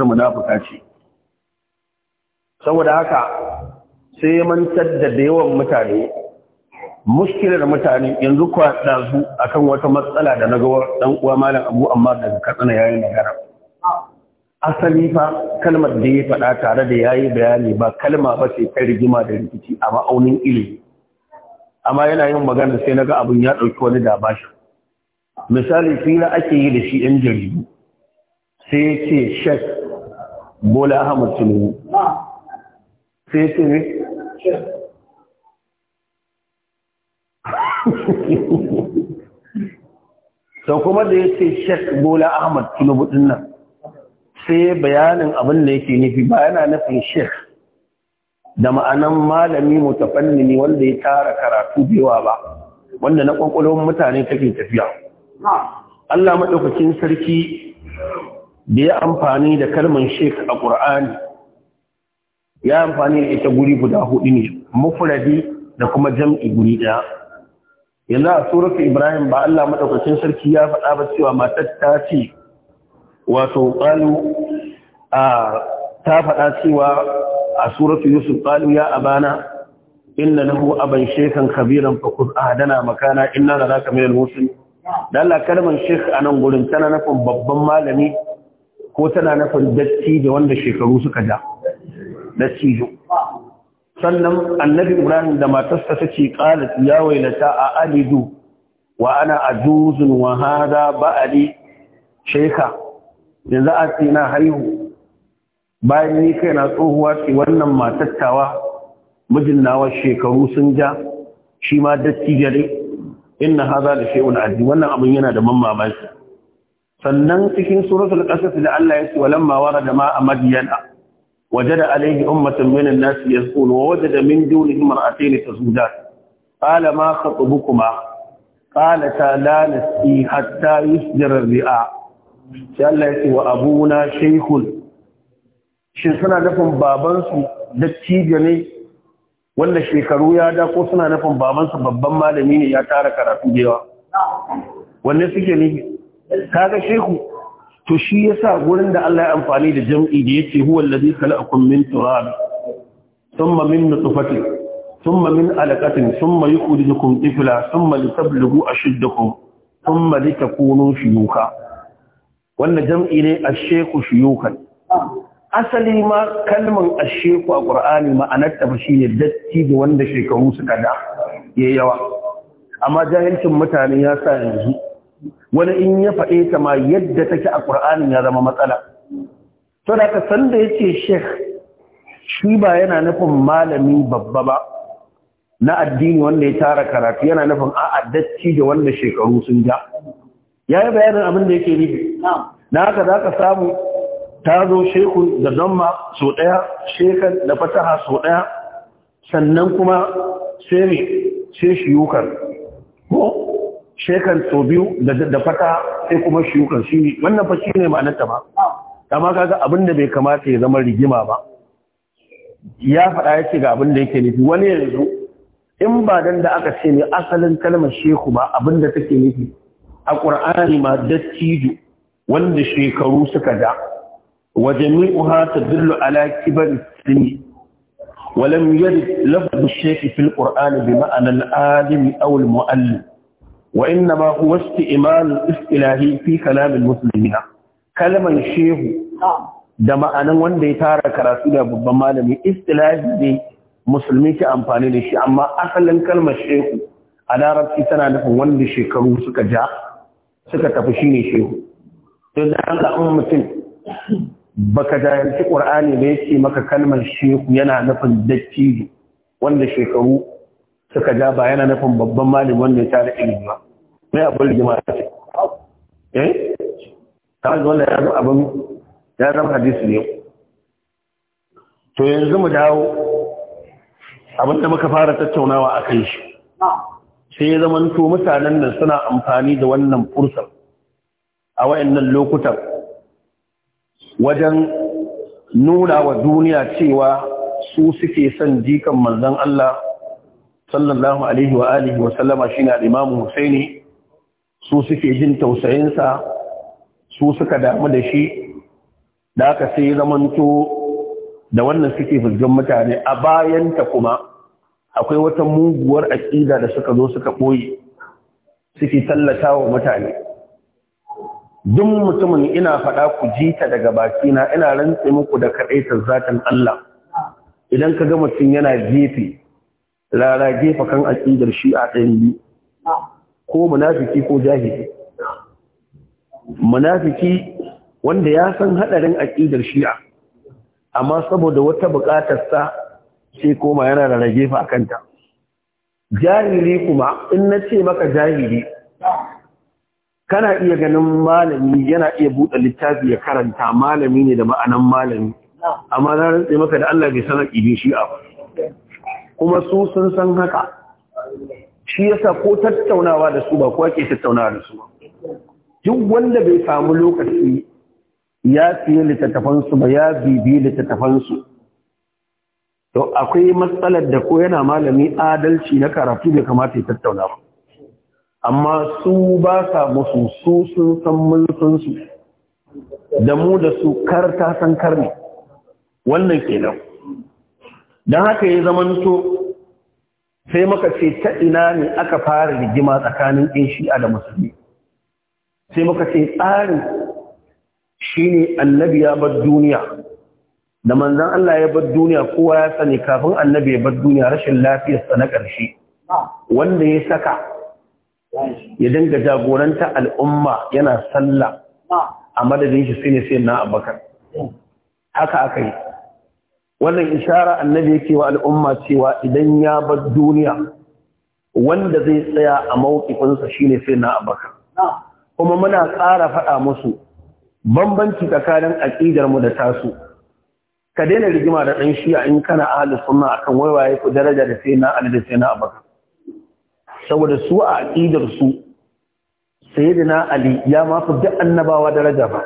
ta munafuka ce saboda haka sai ya mantar da da yawan mutane muskilar mutane yanzu kwa dazu akan wata matsala da na ga ɗan uwa malam abu amma daga katsina yayin magana asali fa kalmar da ya faɗa tare da yayi bayani ba kalma ba ce ta rigima da rikici a ma'aunin ilimi amma yana yin magana sai na ga abin ya ɗauki wani da dabashin misali fila ake yi da shi yan jaridu sai ya ce shek bola ahmad tinubu sai ce ne sau kuma da ya ce shek bola ahmad tinubu dinnan sai bayanin abin da yake nufi ba yana nufin shek da ma'anan malami mutafannini wanda ya tara karatu yawa ba wanda na kwakwalwar mutane take tafiya Allah maɗaukakin sarki da ya amfani da kalman sheik a ƙur'ani ya amfani da ita guri guda hudu ne mufradi da kuma jam'i guri ɗaya yanzu a surafi ibrahim ba allah maɗaukacin sarki ya faɗa ba cewa matar ta ce wato ƙalu a ta faɗa cewa a suratu yusuf ƙalu ya abana inna lahu aban shekan kabiran fakus ahadana makana inna da za ka mai da allah kalman shek a nan gurin tana nufin babban malami ko tana nufin dattijo wanda shekaru suka ja dattijo sannan annabi ibrahim da matarsa ta ce qalat ya wailata a alidu wa ana ajuzun wa hada ba'ali sheka yanzu a ce na haihu bayan ni kai na tsohuwa ce wannan matattawa mijin nawa shekaru sun ja shi ma dattijo ne inna haza da shay'un aji wannan abin yana da mamaki sannan cikin suratul qasas da Allah ya ce walamma warada ma amadiyana wajada alayhi ummatan min an-nas yasqulu wajada min dunihi mar'atayn tazudat qala ma khatubukuma qala ta la nasi hatta yusjara ri'a Allah ya wa abuna shaykhun shin suna dafin baban su da cije ne wanda shekaru ya da ko suna dafin baban su babban malami ne ya tara karatu da yawa wanne suke ne kaga shehu to shi yasa gurin da Allah ya amfani da jam'i da yace huwa allazi khalaqakum min turab thumma min nutfatin thumma min alaqatin thumma yukhrijukum tifla thumma litablughu ashuddakum thumma litakunu shuyukha wannan jam'i ne ash-shaykhu shuyukhan asali ma kalman ash-shaykhu a Qur'ani ma'anar ta ne datti da wanda shekaru suka da yayi yawa amma jahilcin mutane ya sa yanzu wani in ya faɗe ta ma yadda take a ƙur'anin ya zama matsala to da ka san da ce sheikh shi ba yana nufin malami babba ba na addini wanda ya tara karatu yana nufin a'a addacci da wanda shekaru sun ja ya yi bayanin abin da yake nufi na haka za ka samu ta zo shekun da zama so ɗaya shekar da fasaha so ɗaya sannan kuma sai mai sai shekan so biyu da fata sai kuma shukan shi ne wannan fa shi ne ma'anarta ba amma kaga abin da bai kamata ya zama rigima ba ya faɗa ya ce ga abin da yake nufi wani yanzu in ba dan da aka ce ne asalin kalmar shehu ba abin da take nufi a ƙur'ani ma dattijo wanda shekaru suka da wa ta dillu ala kibar sini yadda يرد لفظ fil في bi ma'anar alimi awul mu'allim wa inna ma huwa istimal istilahi fi kalam muslimina kalman shehu da ma'anan wanda ya tara karatu da babban malami istilahi ne musulmi ke amfani da shi amma asalin kalmar shehu a larabci tana nufin wanda shekaru suka ja suka tafi shine shehu to da an mutum baka jahilci qur'ani da yake maka kalmar shehu yana nufin dattijo wanda shekaru suka ja ba yana nufin babban malin wanda ya tare ilimi ba mai abin da ta ce eh ta ga ya zama abin ya zama hadisi ne to yanzu mu dawo abin da muka fara tattaunawa a kai shi sai ya zama to mutanen nan suna amfani da wannan fursar a wayannan lokutan wajen nuna wa duniya cewa su suke son jikan manzon Allah sallallahu alaihi wa alihi wa sallama shine al-imamu husaini su suke jin tausayin sa su suka damu da shi da aka sai zamanto da wannan suke fuskan mutane a bayan ta kuma akwai wata muguwar aqida da suka zo suka boye suke wa mutane duk mutumin ina faɗa ku jita daga bakina ina rantse muku da kaɗaitar zatan Allah idan ka ga mutum yana gefe rara gefa kan aƙidar shi'a ɗayan biyu ko munafiki ko jahili munafiki wanda ya san haɗarin aƙidar shi'a amma saboda wata buƙatar sa sai koma yana rara gefa a kanta jahili kuma in na ce maka jahili kana iya ganin malami yana iya buɗe littafi ya karanta malami ne da ma'anan malami amma na rantse maka da Allah bai sanar ibin shi'a kuma su sun san haka shi yasa ko tattaunawa da su ba kowa ke tattaunawa da su ba duk wanda bai samu lokaci ya fiye littattafansu ba ya bibi littattafansu to akwai matsalar da ko yana malami adalci na karatu bai kamata ya tattauna ba amma su ba sa musu su sun san su da mu da su kar ta san kar ne wannan kenan don haka ya zamanto sai muka ce ta ina ne aka fara rigima tsakanin ɗin shi'a da musulmi sai muka ce tsarin shine ne annabi ya bar duniya da manzan Allah ya bar duniya kowa ya sani kafin annabi ya bar duniya rashin lafiyarsa na ƙarshe wanda ya saka ya dinga jagoranta al'umma yana sallah a madadin shi sai ne sai na abakar haka aka yi wannan ishara annabi yake wa al'umma cewa idan ya bar duniya wanda zai tsaya a mawukifinsa shine sai na abaka kuma muna ƙara faɗa musu bambanci tsakanin aƙidar mu da tasu ka daina rigima da ɗan shiya in kana ahli sunna akan waiwaye ku daraja da sai na ali da sai na abaka saboda su a aƙidar su sayyidina ali ya ma fi duk annabawa daraja ba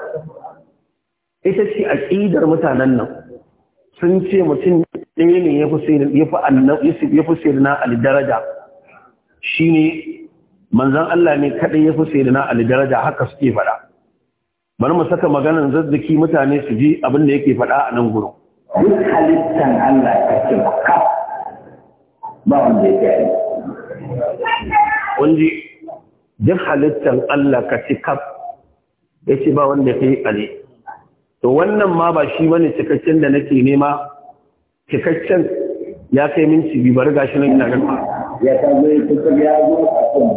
ita ce aƙidar mutanen nan sun ce mutum ɗaya ne ya fi sai na alidaraja shi ne manzan Allah ne kaɗai ya fi sai na alidaraja haka suke faɗa bari mu saka maganar zazzaki mutane su ji abin da yake faɗa a nan gudun duk halittan Allah ka ce ka ba wanda ya yi wanda duk halittan Allah ka ce ka ya ce ba wanda ya yi ali to wannan ma ba shi bane cikakken da nake nema cikakken ya kai min bi bar gashi nan ina ganin ya ta zo ta ya zo a kan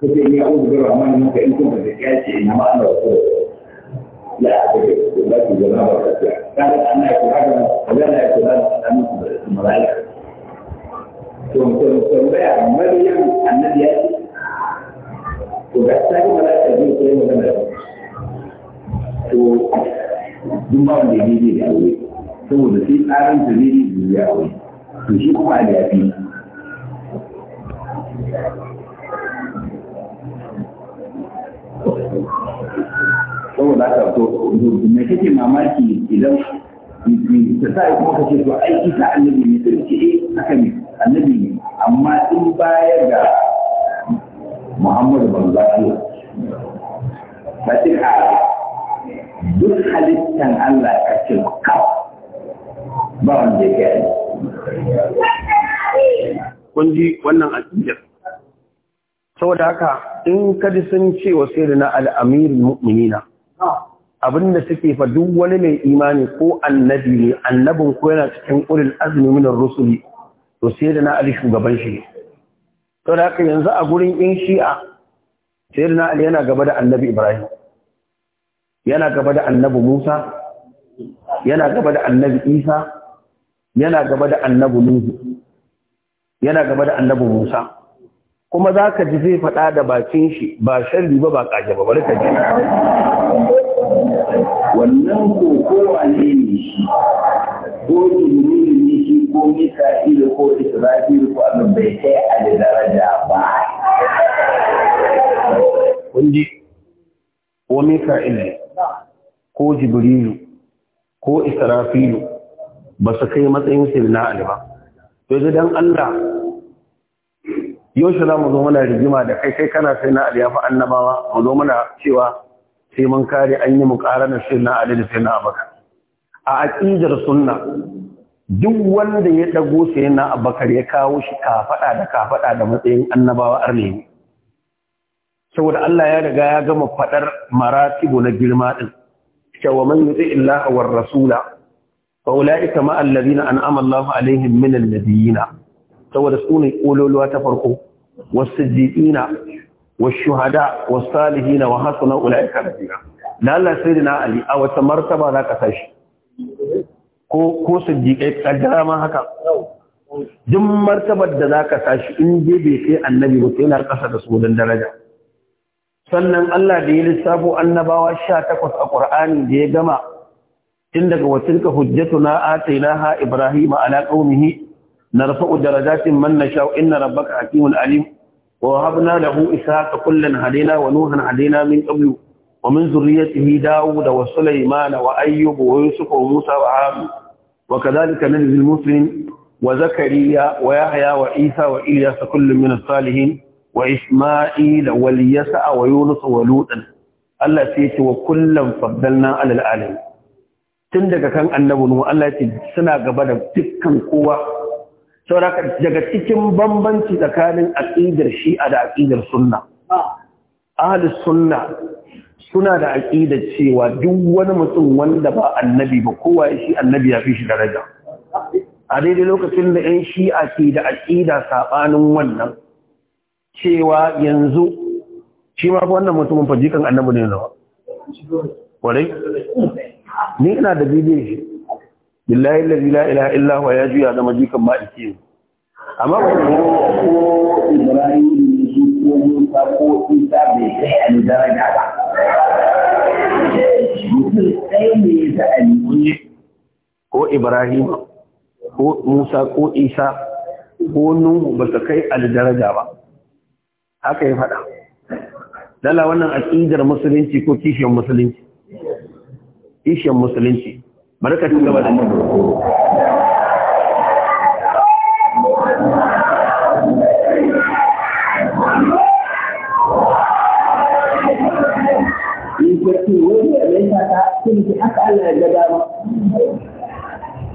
ku ce ni an da amma ni ka in kuma da ya ce ina ma ana wato la a ga da ki zama ba ta ka da ana ku haka da ana ko da ana ku da malaika to to to ba maryam annabi ya ce to ga sai malaika ko yi magana to duk ba wanda ya daidai da aure saboda sai tsarin ta yi da ya aure to shi kuma a yafi saboda haka to me kake mamaki idan ta sa ya kuma kace to ai isa annabi ne sai ce eh haka ne annabi ne amma in bayar da Muhammadu manzo Allah ba ce a duk halittan Allah ka ce kawo ba wanda ya gani. Kun ji wannan aƙidar. Saboda haka in kadi sun ce wa sai na al'amir mu'minina, abinda suke fa duk wani mai imani ko annabi ne, annabin ko yana cikin ƙulil azumin rusuli, to sai da na Ali shugaban shi ne. Saboda haka yanzu a gurin in shi'a, sai da na Ali yana gaba da annabi Ibrahim. yana gaba da annabi Musa yana gaba da annabi Isa yana gaba da annabi Nuhu yana gaba da annabi Musa kuma zaka ji zai faɗa da bakin shi ba sharri ba ba kaje ba bari ka ji wannan ko kowa ne ne shi ko jibril ne shi ko mika'il ko israfil ko abin bai kai a daraja ba kun ji ko mika'il ko jibrilu ko israfilu ba su kai matsayin sirna ali ba to yanzu dan Allah yau shi mu zo mana rigima da kai kai kana sai na ya annabawa mu zo muna cewa sai mun kare an yi muƙaranar na ali da sirna abaka a aƙidar sunna duk wanda ya ɗago na abakar ya kawo shi kafaɗa da kafaɗa da matsayin annabawa arne saboda Allah ya riga ya gama faɗar maratibu na girma ɗin cewa man yuti illaha war rasula fa ulaika ma alladhina an'ama Allahu alaihim min annabiyina saboda su ne kololuwa ta farko wasiddiqina washuhada wasalihina wa hasuna ulaika rafiqa da Allah sayyidina ali a wata martaba za ka tashi ko ko siddiqai kaddara ma haka duk martabar da za ka tashi in je bai kai annabi ba sai na kasa da su daraja sannan Allah da ya lissafo annabawa sha takwas a Kur'ani da ya gama tun daga wacin hujjatu na ate ha ibrahim ala ƙaunihi na rafa darajatin man na sha inna rabbaka hakimul alim wa habna lahu ishaqa kullan hadina wa nuhan hadina min qablu wa min zurriyyatihi daud wa sulaiman wa ayyub wa yusuf wa musa wa harun wa kadhalika nabiyul muslim wa zakariya wa yahya wa isa wa ilyas kullun min as-salihin wa Isma'ila wal Yasa wa Yunus wa Lutan Allah sai ce wa kullum faddalna alal alim tun daga kan annabi Nuhu Allah ce suna gaba da dukkan kowa saboda daga cikin bambanci tsakanin aqidar Shi'a da aqidar Sunna Ali Sunna suna da aƙidar cewa duk wani mutum wanda ba annabi ba kowa ya shi annabi ya fi shi daraja a daidai lokacin da 'yan shi'a ke da aƙida saɓanin wannan cewa yanzu shi ma fa wannan mutumin fa jikan annabi ne nawa kwarai ni ina da bibiye shi billahi allazi la ilaha illa huwa ya juya zama jikan ma ike amma ba ko ibrahim su ko musa ko isa bai kai an daraja ba mutum ko ibrahim ko musa ko isa ko nuhu ba ta kai al daraja ba haka ya faɗa dala wannan aƙidar musulunci ko kishiyar musulunci kishiyar musulunci barkatun gaba da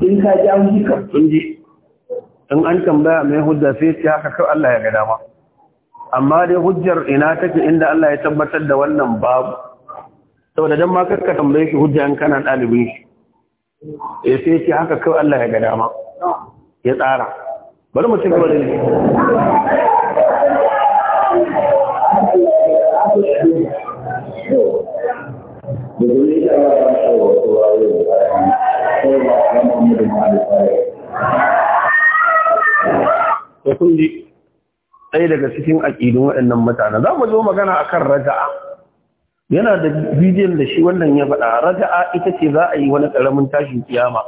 in ka ji an ji in an tambaya mai hujja sai ce haka kawai Allah ya ga dama amma dai hujjar ina take inda Allah ya tabbatar da wannan babu saboda dan ma karka tambaye shi hujja in kana dalibin shi eh sai ce haka kai Allah ya ga dama ya tsara bari mu ci gaba da Thank you. ɗaya daga cikin aƙidun waɗannan mutane za mu zo magana a kan raja'a yana da bidiyon da shi wannan ya faɗa raja'a ita ce za a yi wani ƙaramin tashin kiyama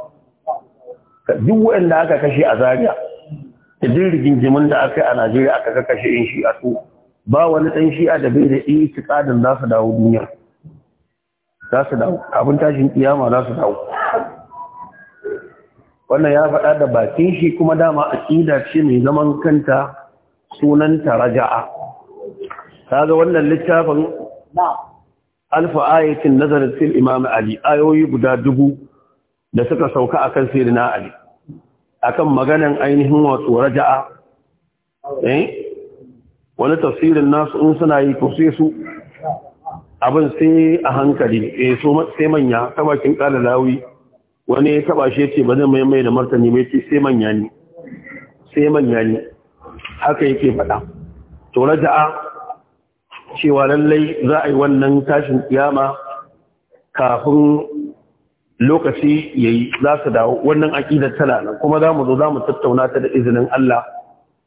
duk waɗanda aka kashe a zaria da duk rigingimin da aka yi a najeriya aka kashe in shi a su ba wani ɗan shi'a da bai da iya tiƙadin za su dawo duniya za su dawo abin tashin kiyama za su dawo wannan ya faɗa da bakin shi kuma dama aƙida ce mai zaman kanta sunanta raja'a kaga wannan littafin alfa ayatin nazarin fil imam ali ayoyi guda dubu da suka sauka akan sirina ali akan maganan ainihin wato raja'a eh wani tafsirin nasu in suna yi to sai su abin sai a hankali eh so sai manya tabakin bakin kala lawi wani ya taba shi yace ba mai mai da martani mai ce sai manya ne sai manya ne haka yake faɗa to raja'a cewa lallai za a yi wannan tashin kiyama kafin lokaci yayi za su dawo wannan aƙidar tana nan kuma za mu zo za mu tattauna ta da izinin Allah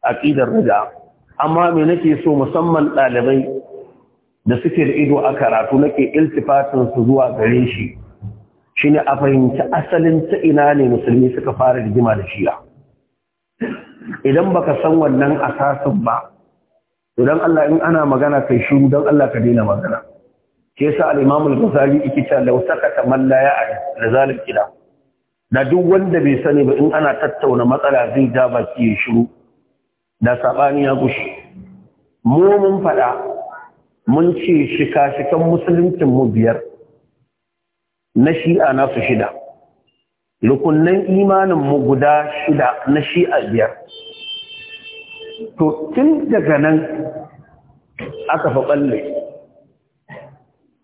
aƙidar raja'a amma me nake so musamman ɗalibai da suke da ido a karatu nake iltifatin su zuwa gare shi shine a fahimci asalin ta ina ne musulmi suka fara rigima da shi'a idan baka san wannan asasin ba to dan Allah in ana magana kai shiru dan Allah ka daina magana ke sa al-Imam al-Ghazali yake cewa law sakata man la ya'lam la zalim kila da duk wanda bai sani ba in ana tattauna matsala zai ja baki ya shiru da sabani ya gushi mu mun fada mun ce shika shikan musuluncin mu biyar na shi'a nasu shida lukunnan imanin mu guda shida na shi'a biyar to tun daga nan aka fa balle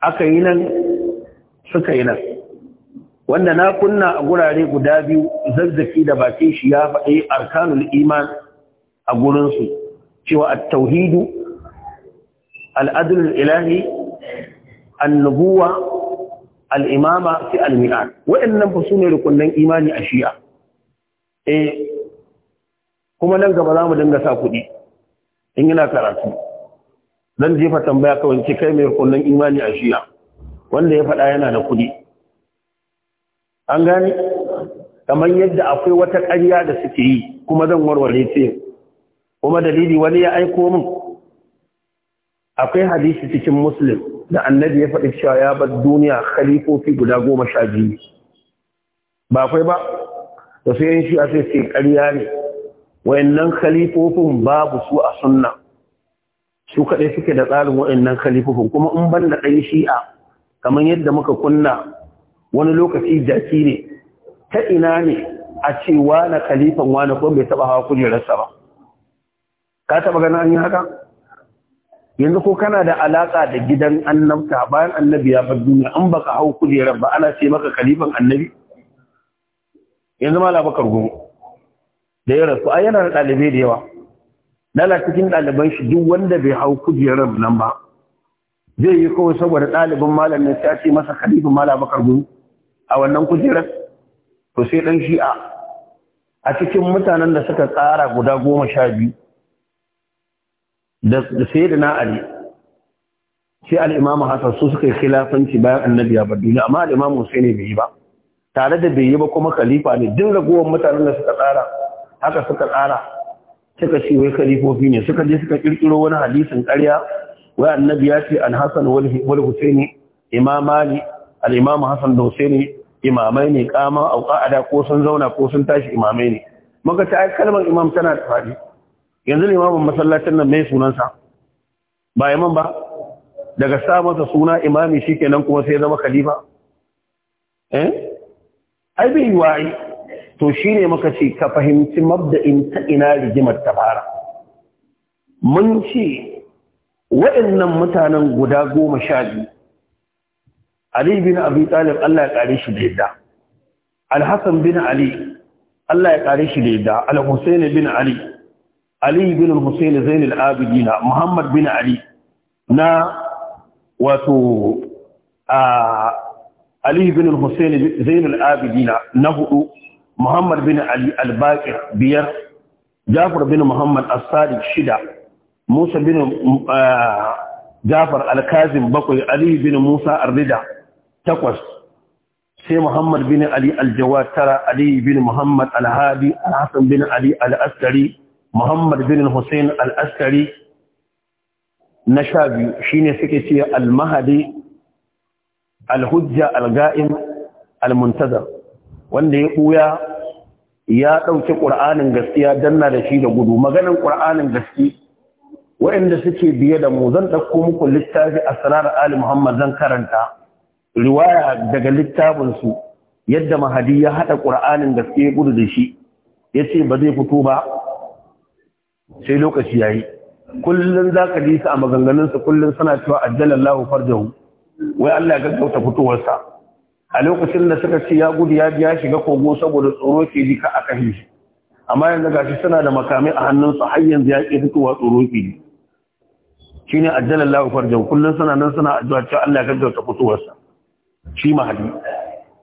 aka yi nan suka yi nan wanda na kunna a gurare guda biyu zazzaki da bakin shi ya faɗi arkanul iman a gurinsu cewa a tauhidu Al'adun ilahi annubuwa al'imama fi al'mi'ar waɗannan fa su ne rukunan imani a shi'a eh kuma nan gaba za mu dinga sa kuɗi in yana karatu zan jefa tambaya kawai ce kai mai rukunan imani a shi'a wanda ya faɗa yana da kuɗi an gani kamar yadda akwai wata ƙarya da suke yi kuma zan warware ce kuma dalili wani ya aiko min akwai hadisi cikin muslim da annabi ya faɗi cewa ya bar duniya khalifofi guda goma sha biyu ba kai ba da sai yin shi sai sai ƙarya ne wayannan khalifofin babu su a sunna su kaɗai suke da tsarin wayannan khalifofin kuma in ban da ɗan shi'a kamar yadda muka kunna wani lokaci jaki ne ta ina ne a ce na khalifan wani kuma bai taɓa hawa kujerarsa ba ka taɓa ganin an yi haka yanzu ko kana da alaka da gidan annabta bayan annabi ya bar duniya an baka hau kujerar ba ana ce maka kalifan annabi yanzu mala bakar gumo da ya rasu a yana da ɗalibai da yawa lala cikin ɗaliban shi duk wanda bai hau kujerar nan ba zai yi kawai saboda ɗalibin malam ne sai ce masa kalifan mala bakar gumo a wannan kujerar to sai ɗan shi'a a cikin mutanen da suka tsara guda goma sha biyu da na ali sai al’imamu imamu su suka yi khilafanci bayan annabi ya bar duniya amma al’imamu sai ne bai yi ba tare da bai yi ba kuma khalifa ne duk ragowar mutanen da suka tsara haka suka tsara suka ce wai khalifofi ne suka je suka kirkiro wani hadisin karya wai annabi ya ce an hasan wal husaini imamani al-imamu da husaini imamai ne kama auka, ada, ko sun zauna ko sun tashi imamai ne muka ta kalmar imam tana da fadi yanzu ne limamin masallacin nan mai sunansa ba yaman ba daga sa masa suna imami shi kenan kuma sai zama khalifa eh ai bai wai to shine muka ce ka fahimci mabda'in ta ina rigimar ta fara mun ce waɗannan mutanen guda goma sha biyu Ali bin Abi Talib Allah ya kare shi da yadda Al-Hasan bin Ali Allah ya kare shi da yadda Al-Husayn bin Ali Ali bin Hussein Zain al-Abidina Muhammad bin Ali na wato Ali bin Hussein Zain al-Abidina na hudu Muhammad bin Ali al-Baqir biyar Jafar bin Muhammad as-Sadiq shida Musa bin Jafar al-Kazim bakwai Ali bin Musa ar-Rida takwas sai Muhammad bin Ali al-Jawad tara Ali bin Muhammad al-Hadi al-Hasan bin Ali al-Askari muhammad bin hussein al-askari na sha biyu shine suke ce al-mahadi al-hujja al-ga'im al-muntazar wanda ya buya ya ɗauki qur'anin gaskiya danna da shi da gudu Maganin ƙur'anin gaske, waɗanda suke biye da mu zan ɗauko muku littafi asrar ali muhammad zan karanta riwaya daga littafin su yadda mahadi ya haɗa ƙur'anin gaske gudu da shi ya ce ba zai fito ba sai lokaci ya yi kullum za ka su a maganganun Kullum suna cewa ajjalallahu farjahu wai Allah ya gaggauta fitowarsa. a lokacin da suka ce ya gudu ya biya shiga kogo saboda tsoro ke ji ka aka shi amma yanzu gashi suna da makamai a hannunsu har yanzu ya ke fitowa tsoro ke ji shi ne ajjalallahu farjahu Kullum suna nan suna addu'a cewa Allah ya gaggauta fitowarsa." shi mahadi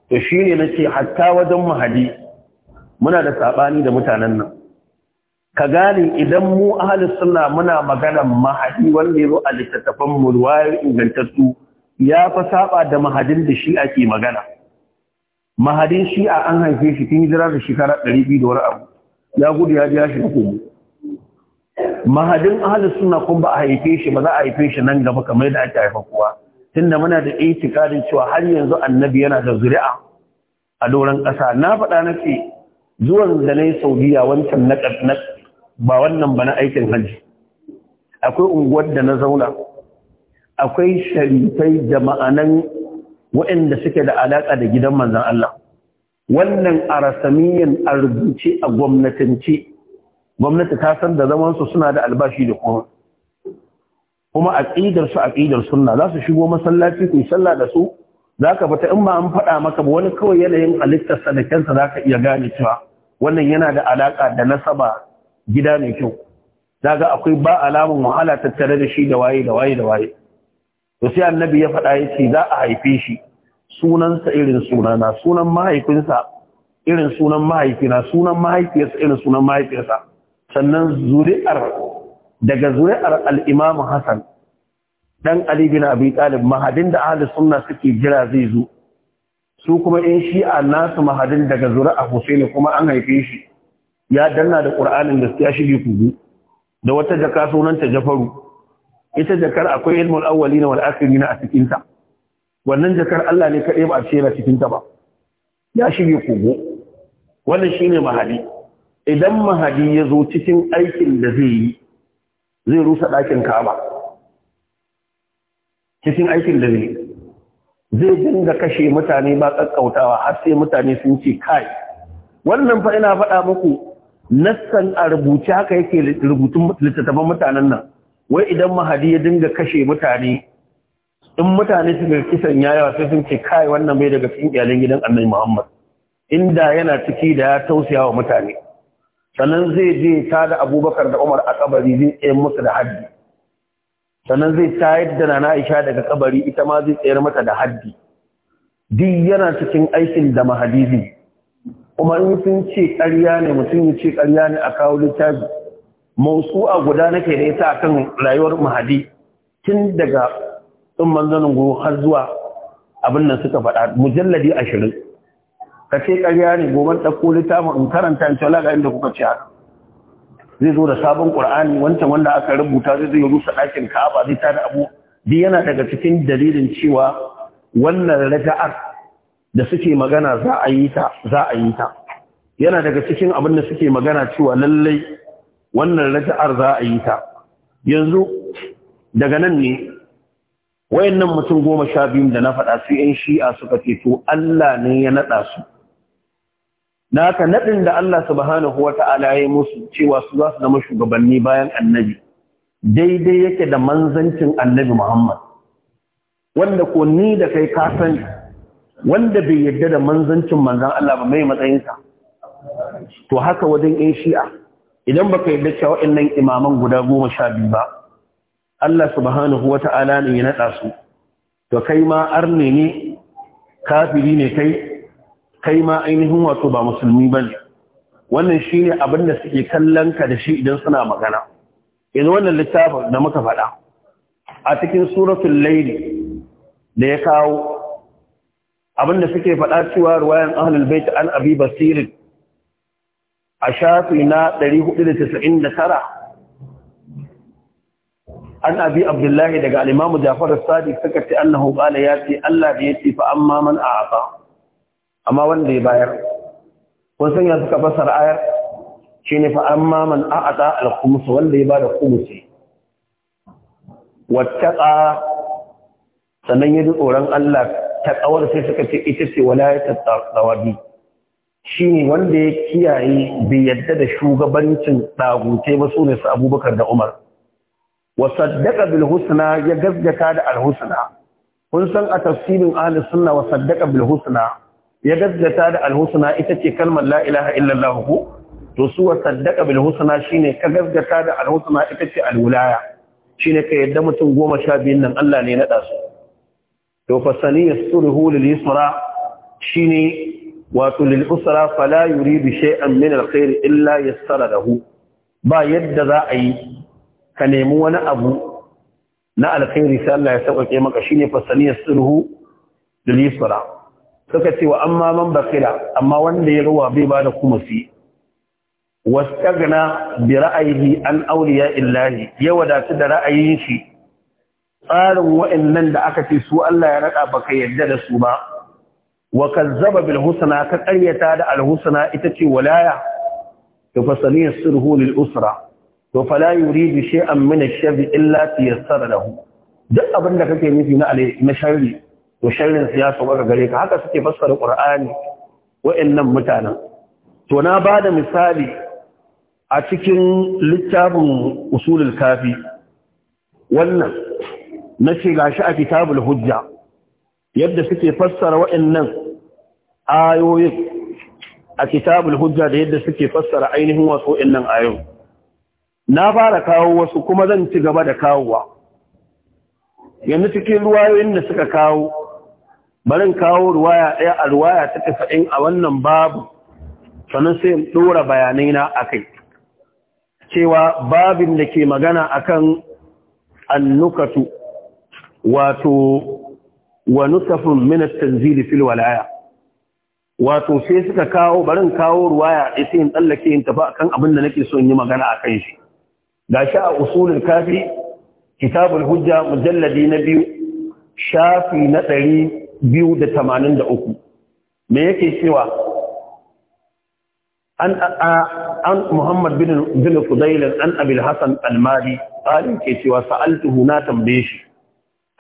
to shi ne na ce hatta wajen mahadi muna da saɓani da mutanen nan ka gane idan mu ahalin suna muna maganar mahadi wanda ya zo a littattafan mu ruwayar ingantattu ya fa saba da mahadin da shi ake magana mahadin shi a an haife shi tun hijira da shekara ɗari biyu da wani abu ya gudu ya ya shiga kogo mahadin ahalin suna kun ba a haife shi ba za a haife shi nan gaba kamar yadda ake haifa kuwa, tunda muna da itikadin cewa har yanzu annabi yana da zuri'a a doron ƙasa na faɗa na ce zuwan da na yi saudiya wancan na ba wannan ba na aikin hajji akwai unguwar da na zauna akwai sharifai da ma'anan waɗanda suke da alaƙa da gidan manzan Allah wannan a rasamiyyar a rubuce a gwamnatance gwamnati ta san da zamansu suna da albashi da kuma kuma a ƙidar su a ƙidar suna za su shigo masallaci ku salla da su Za ka fita in ba an faɗa maka ba wani kawai yanayin halittar da za za ka iya gane cewa wannan yana da alaka da nasaba gida mai kyau daga akwai ba alamun wahala tattare da shi da waye da waye da waye to sai annabi ya faɗa ya ce za a haife shi sunansa irin sunana sunan mahaifinsa irin sunan mahaifina sunan mahaifiyarsa irin sunan mahaifiyarsa sannan zuri'ar daga zuri'ar al-Imam Hassan dan Ali bin Abi Talib mahadin da ahli sunna suke jira zai zo su kuma in shi'a nasu mahadin daga zuri'ar Husaini kuma an haife shi ya danna da ƙur'anin gaskiya shige kugu da wata jaka sunanta jafaru ita jakar akwai ilmul awwalina wal akhirina a cikin ta wannan jakar Allah ne kaɗai ba a ce na cikin ta ba ya shige kogo. wannan shine mahadi idan mahadi ya zo cikin aikin da zai yi zai rusa ɗakin ka'aba cikin aikin da zai zai dinga kashe mutane ba ƙaƙƙautawa har sai mutane sun ce kai wannan fa ina faɗa muku nassan a rubuce haka yake rubutun littattafan mutanen nan wai idan mahadi ya dinga kashe mutane in mutane ga kisan yayawa sai sun ce kai wannan bai daga cikin iyalin gidan annabi Muhammad inda yana ciki da ya tausaya wa mutane sannan zai je ta da Abubakar da Umar a kabari zai tsayar musu da haddi sannan zai tayar da Nana Aisha daga kabari ita ma zai tsayar mata da haddi duk yana cikin aikin da mahadi zai kuma in sun ce ƙarya ne mutum ya ce ƙarya ne a kawo littafi mausu a guda nake da ita kan rayuwar mahadi tun daga tsin manzanin guru har zuwa abin nan suka faɗa mujalladi ashirin ka ce ƙarya ne gobe ɗauko littafin in karanta in cewa da kuka ce haka zai zo da sabon ƙur'ani wancan wanda aka rubuta zai zo rusa ɗakin ka'aba zai tada abu duk yana daga cikin dalilin cewa wannan raja'ar da suke magana za a yi ta za a yi ta yana daga cikin abin da suke magana cewa lallai wannan raja'ar za a yi ta yanzu daga nan ne wayannan mutum goma sha biyu da na faɗa su yan shi'a suka ce to Allah ne ya naɗa su na haka naɗin da Allah subhanahu wa ta'ala ya yi musu cewa su za su zama shugabanni bayan annabi daidai yake da manzancin annabi Muhammad wanda ko ni da kai ka sani wanda bai yadda da manzancin manzan Allah ba mai matsayinsa to haka wajen yan shi'a idan baka yadda cewa waɗannan imaman guda goma sha biyu ba Allah subhanahu wa Ta'ala ne ya naɗa su to kai ma arne ne kafiri ne kai kai ma ainihin wato ba musulmi ba ne wannan shi ne abin da suke kallon ka da shi idan suna magana yanzu wannan littafin da muka faɗa a cikin suratul laili da ya kawo abinda suke faɗa cewa ruwayan ahlul bait an abi basirin a shafi na 499 an abi abdullahi daga al-imam Ja'far as-Sadiq suka ce annahu qala yati Allah da yace fa amma man a'ata amma wanda ya bayar kun san ya suka fasara ayar shine fa amma man a'ata al-khums wanda ya bada khumsi wattaqa sannan ya ji tsoron Allah ta tsawar sai suka ce ita ce walayatar tsawabi shi ne wanda ya kiyaye bai yadda da shugabancin ɗagutai ba su ne su abubakar da umar wasaddaka bil husna ya gaskata da al kun san a tafsirin ahli sunna wasaddaka bil husna ya gaskata da al ita ce kalmar la ilaha illallah ko to su wasaddaka bil shi ne ka gaskata da al ita ce Alwulaya? Shi ne ka yadda mutum goma sha biyun nan Allah ne naɗa su to fasani yasruhu lil yusra shine wato lil usra fala yuridu shay'an min al khair illa yassara lahu ba yadda za a yi ka nemi wani abu na alkhairi sai Allah ya sauke maka shine fasani yasruhu lil yusra suka ce wa amma man bakira amma wanda ya ruwa bai bada kuma si wastagna bi ra'ayi an awliya illahi ya wadatu da ra'ayin shi tsarin wa'annan da aka ce su Allah ya rada baka yadda da su ba wa kan zaba bilhusana ka qaryata da al ita ce walaya to fasani yasruhu lil usra to fala yuridu shay'an min ash-shar illa tiyassara lahu duk abin da kake nufi na alai to sharri su sharrin siyasa baka gare ka haka suke fassara qur'ani wa'annan mutanen to na bada misali a cikin littafin usulul kafi wannan na ce shi a kitabul hujja yadda suke fassara waɗannan ayoyin a kitabul hujja da yadda suke fassara ainihin wasu waɗannan ayoyin na fara kawo wasu kuma zan ci gaba da kawowa yanzu cikin ruwayoyin da suka kawo barin kawo ruwaya ɗaya a ruwaya ta tafa'in a wannan babu sannan sai ɗora bayanai na a kai cewa babin da ke magana akan annukatu wato wa nusafin min at fil walaya wato sai suka kawo barin kawo ruwaya sai in tsallake in tafi akan abin da nake son yi magana akan shi gashi a usulul kafi kitabul hujja mujalladi na biyu shafi na ɗari biyu da tamanin da uku me yake cewa an an muhammad bin bin fudail an abil hasan al-mali ke cewa sa'altuhu na tambaye shi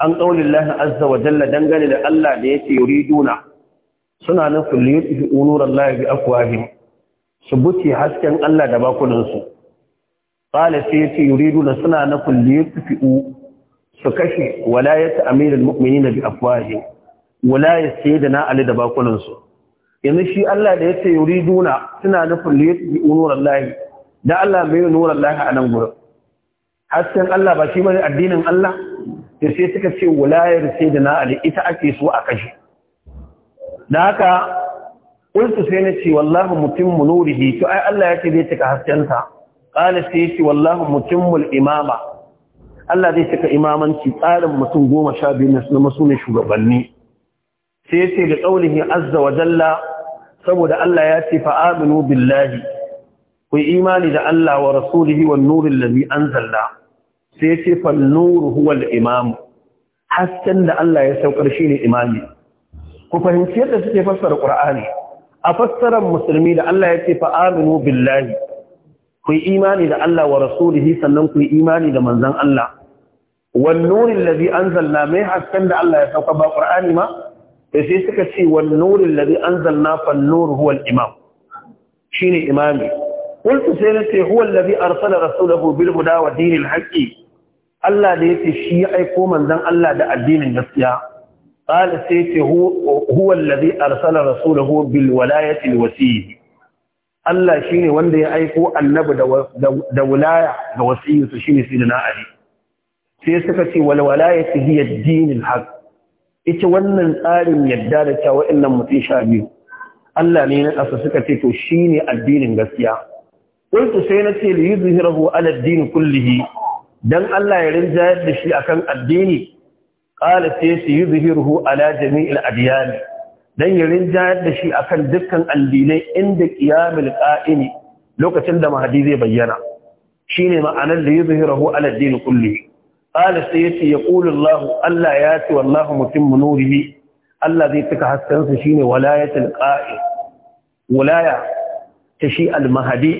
an ƙaunin lahi azza wa jalla dangane da Allah da ya ce yuri duna suna nufin liyar ifi unuran lahi bi akwahim su buce hasken Allah da bakunansu ƙala sai ya ce yuri duna suna nufin liyar ifi u su kashe walayata amirin mu'mini na bi akwahim walayat sai da na ali da bakunansu yanzu shi Allah da ya ce yuri duna suna nufin liyar ifi unuran lahi da Allah mai nuran lahi a nan gurin hasken Allah ba shi bane addinin Allah Da sai suka ce wulayar sai da na ali ita ake so a kashe da haka ƙultu sai na ce wallahu mutum nurihi to ai Allah ya ce zai cika haskenta ƙala sai ya ce wallahu mutum mulimama" Allah zai cika imamanci tsarin mutum goma sha biyu na masu ne shugabanni sai ya ce da ƙaunihi azza wa jalla saboda Allah ya ce fa'aminu billahi ku imani da Allah wa rasulihi wa nurin an zalla. sai ce fal nuru imam hasken da Allah ya saukar shine imami ku fahimci yadda suke fassara Qur'ani a fassarar musulmi da Allah ya ce fa aminu billahi ku yi imani da Allah wa rasulihi sannan ku yi imani da manzon Allah wan nurin ladhi anzalna mai hasken da Allah ya saukar ba Qur'ani ma sai suka ce wan nurin ladhi anzalna fan nur imam shine imami قلت سيدتي هو الذي أرسل رسوله بالهدى ودين الحق Allah da yace shi ya aiko manzon Allah da addinin gaskiya qala sai yace huwa allazi arsala rasulahu bil walayati al Allah shine wanda ya aiko annabi da da wilaya ga wasiyinsa shine sayyidina Ali sai suka ce wal walayati hiya ad-din al ita wannan tsarin yadda da cewa wa'annan mutum sha biyu Allah ne na ƙasa suka ce to shine addinin gaskiya qultu sai na ce li yuzhirahu ala ad-din kullihi dan Allah ya rinjayar da shi akan addini qala sai su yuzhiruhu ala jami'il adyan dan ya rinjayar da shi akan dukkan addinai inda qiyamul qa'imi lokacin da mahdi zai bayyana shine ma'anar da yuzhiruhu ala addini kulli qala sai yaqulu Allah Allah ya ce wallahu mutimmu nurihi Allah zai tuka haskansa shine walayatul qa'im walaya ta shi al-mahdi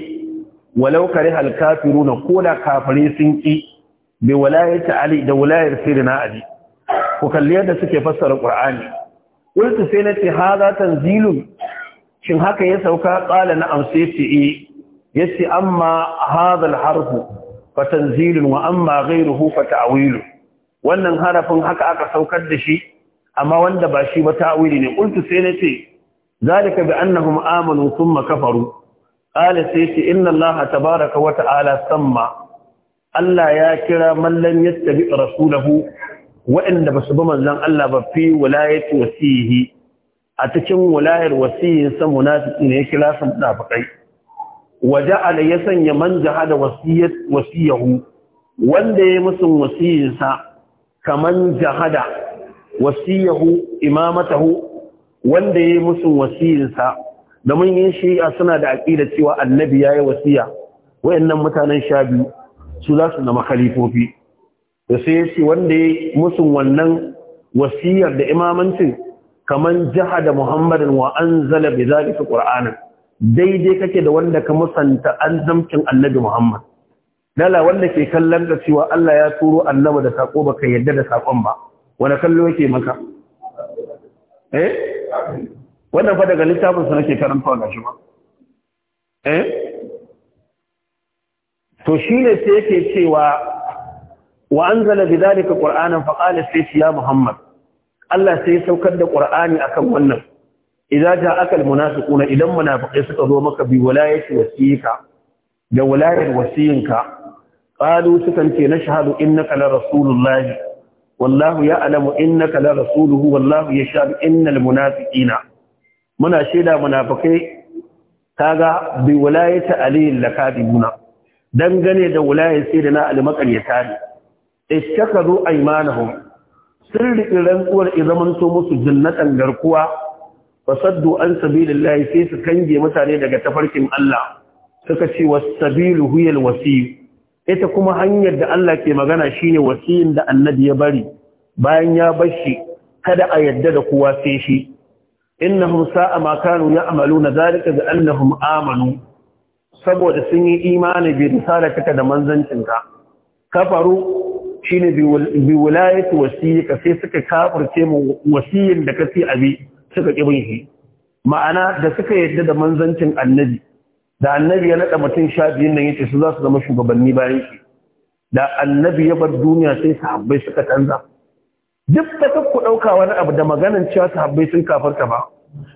walau kariha al-kafiruna kola kafire sun ki bi walayati ali da walayar sirina ali ku kalli yadda suke fassara qur'ani qultu sai nace hadha tanzilun shin haka ya sauka qala na amsati e eh. yace amma hadha al-harf fa tanzilun wa amma ghayruhu fa ta'wilu wannan harafin haka aka saukar da shi amma wanda ba shi ba ta'wili ne qultu sai nace ذلك بأنهم آمنوا ثم كفروا قال inna إن tabaraka تبارك وتعالى سمى Allah ya kira mallan yattabi rasulahu waɗanda ba su bi manzon Allah ba fi walayat wasihi a cikin walayar wasiyin sa munafiki ne ya kira su munafikai waja'ala ya sanya man jahada wasiyat wasiyahu wanda ya musu wasiyin sa kaman jahada wasiyahu imamatahu wanda ya musu wasiyin sa domin yin shi'a suna da aqida cewa annabi yayi wasiya wayannan mutanen sha biyu su za su zama khalifofi da sai yace wanda ya musun wannan wasiyar da imamancin kaman jahada muhammadin wa anzala bi qur'ana daidai kake da wanda ka musanta annabcin annabi muhammad dala wanda ke kallon da cewa Allah ya turo annaba da sako baka yadda da sakon ba wani kallo yake maka eh wannan fa daga littafin sa nake karantawa gashi ba eh to shine sai yake cewa wa anzala bidhalika qur'anan fa qala sayyidi ya muhammad Allah sai ya saukar da qur'ani akan wannan idza ja'aka almunafiquna idan munafiqai suka zo maka bi walayati wasiyika da walayar wasiyinka qalu sukan ce na shahadu innaka la rasulullahi wallahu ya'lamu innaka la rasuluhu wallahu yashhadu innal munafiqina muna shaida munafiqai kaga bi walayati aliyin lakabuna dangane da wulayar sai da na almakaryata ne a aymanahum sun riƙi rantsuwar izamanto musu jinnatan garkuwa fasaddu an sabilillahi sai su kange mutane daga tafarkin Allah suka ce Sabilu huyal wasiyu ita kuma hanyar da Allah ke magana shine wasiyin da annabi ya bari bayan ya bashi kada a yadda da kowa sai shi innahum sa'a ma kanu ya'maluna zalika bi annahum amanu saboda sun yi imani bi risalataka da manzancinka kafaru shine bi wilayati wasiyika sai suka kafirce mu wasiyin da kace abi suka kibin shi ma'ana da suka yadda da manzancin annabi da annabi ya nada mutum sha biyun nan yace su za su zama shugabanni bayan shi da annabi ya bar duniya sai sahabbai suka canza duk da ku dauka wani abu da maganan cewa sahabbai sun kafarta ba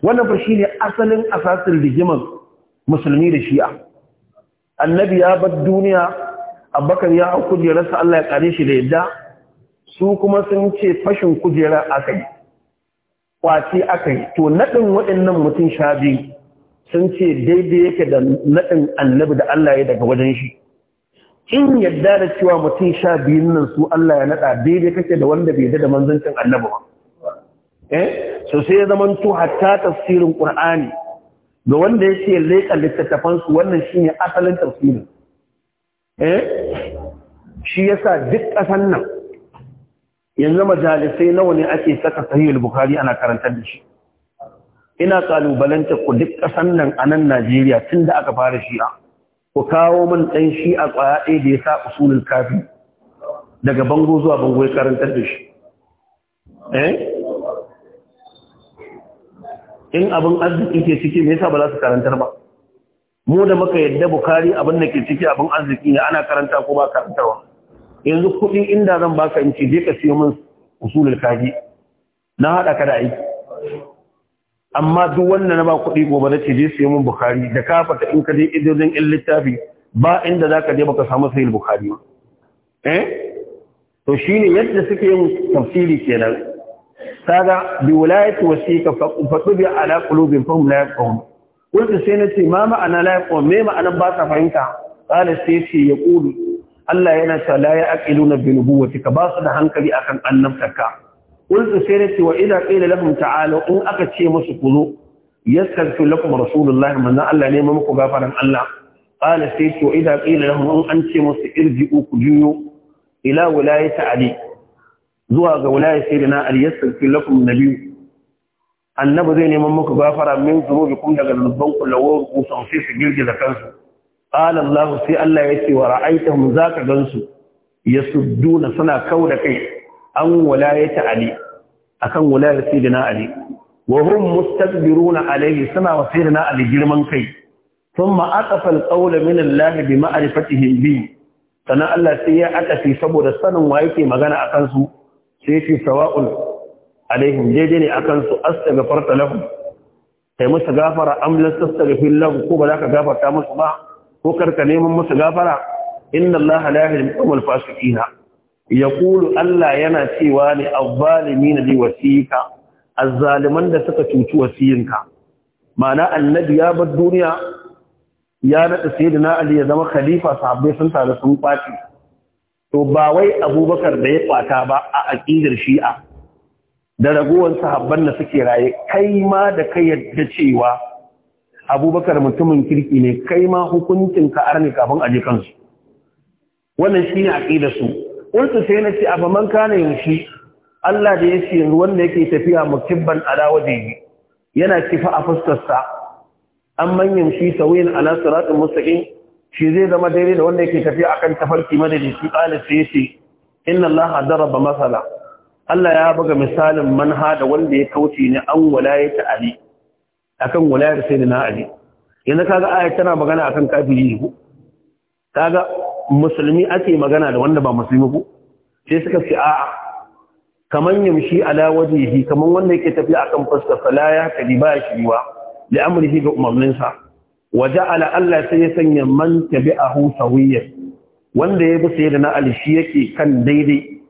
wannan fa shine asalin asasin rigiman musulmi da shi'a annabi ya bar duniya abakar ya hau kujerarsa Allah ya kare shi da yadda su kuma sun ce fashin kujerar aka yi kwace aka yi to naɗin waɗannan mutum sha biyu sun ce daidai yake da naɗin annabi da Allah ya daga wajen shi in yadda da cewa mutum sha biyun nan su Allah ya naɗa daidai kake da wanda bai da manzancin annabi ba eh so ya zama to hatta tafsirin qur'ani ga wanda ya ce leƙa littattafansu wannan shi ne asalin tafsirin eh shi ya sa duk ƙasan nan yanzu majalisai nawa ne ake saka sahihul bukhari ana karantar da shi ina ƙalubalanta ku duk ƙasan nan a nan najeriya tun da aka fara shi'a ku kawo min ɗan shi'a ƙwaya ɗaya da ya sa usulul kafi daga bango zuwa bango ya karantar da shi eh in abin arziki ke ciki me yasa ba za su karantar ba mu da muka yadda bukari abin da ke ciki abin arziki ne ana karanta ko ba karantarwa yanzu kuɗi inda zan baka in ce je ka siyo min usulul kaji na haɗa ka da aiki amma duk wanda na ba kuɗi gobe na ce je siyo min bukari da ka fata in ka je idodin in littafi ba inda za ka je baka samu sayil bukari eh to shine yadda suke yin tafsiri kenan kaga bi wilayati wasika fa tubi ala qulubin fahum la yaqum qultu sai nace ma ma'ana la yaqum me ma'ana ba ta fahimta qala sai ce ya qulu Allah yana ta la yaqiluna bi nubuwatika ba su da hankali akan annabtaka qultu sai nace wa idza qila lahum ta'alu in aka ce musu kuzo yastaghfir lakum rasulullah manna Allah ne muku gafaran Allah qala sai ce wa idza qila lahum an ce musu irji'u ku juyo ila wilayati ali zuwa ga wulaya sai da na aliyassar filafin na biyu annabi zai neman muku gafara min kun daga zunuban ku lawo ku sai su girgiza kansu alallahu sai allah ya ce wa za zaka gansu yasudduna suna da kai an wulayata ali akan wulayar na ali wa hum mustakbiruna alayhi suna wa na ali girman kai Sun aqafa al min allah bi ma'rifatihi bi allah sai ya atafi saboda sanin wa yake magana a kansu. sai ce sawa'un alaihim daidai ne akan su astaghfarta lahum kai musu gafara am la tastaghfir lahum ko ba za ka gafarta musu ba ko karka neman musu gafara inna Allah la yahdi al fasiqina yaqulu Allah yana cewa ne az na bi wasika az da suka cuci wasiyinka ma'ana annabi ya bar duniya ya nada sayyidina Ali ya zama khalifa sahabbai sun tare sun kwaci to ba wai abubakar da ya kwata ba a aƙidar shi'a da ragowar sahabban da suke raye kai ma da ka yadda cewa abubakar mutumin kirki ne kai ma hukuncin ka arni kafin aje kansu wannan shi ne aƙidar su ƙulsu sai na ce a faman kana yaushe Allah da ya ce wanda yake tafiya mukibban ala wajehi yana kifa a fuskarsa an manyan shi sauyin ala siratul mustaqim shi zai zama daidai da wanda yake tafiya akan tafarki madalici ƙalis sai yace inna Allah daraba masala Allah ya buga misalin manha da wanda ya kauce ni an walayata ali akan walayar na ali yanzu kaga aya tana magana akan kafiri ko kaga musulmi ake magana da wanda ba musulmi ko sai suka ce a'a kaman yamshi ala wajhihi kaman wanda yake tafiya akan fuskar sa ya kadi ba shi wa li amrihi ga umarninsa waje ala Allah sai ya sanya man husa sawiyyah wanda ya bi sai da na ali shi yake kan daidai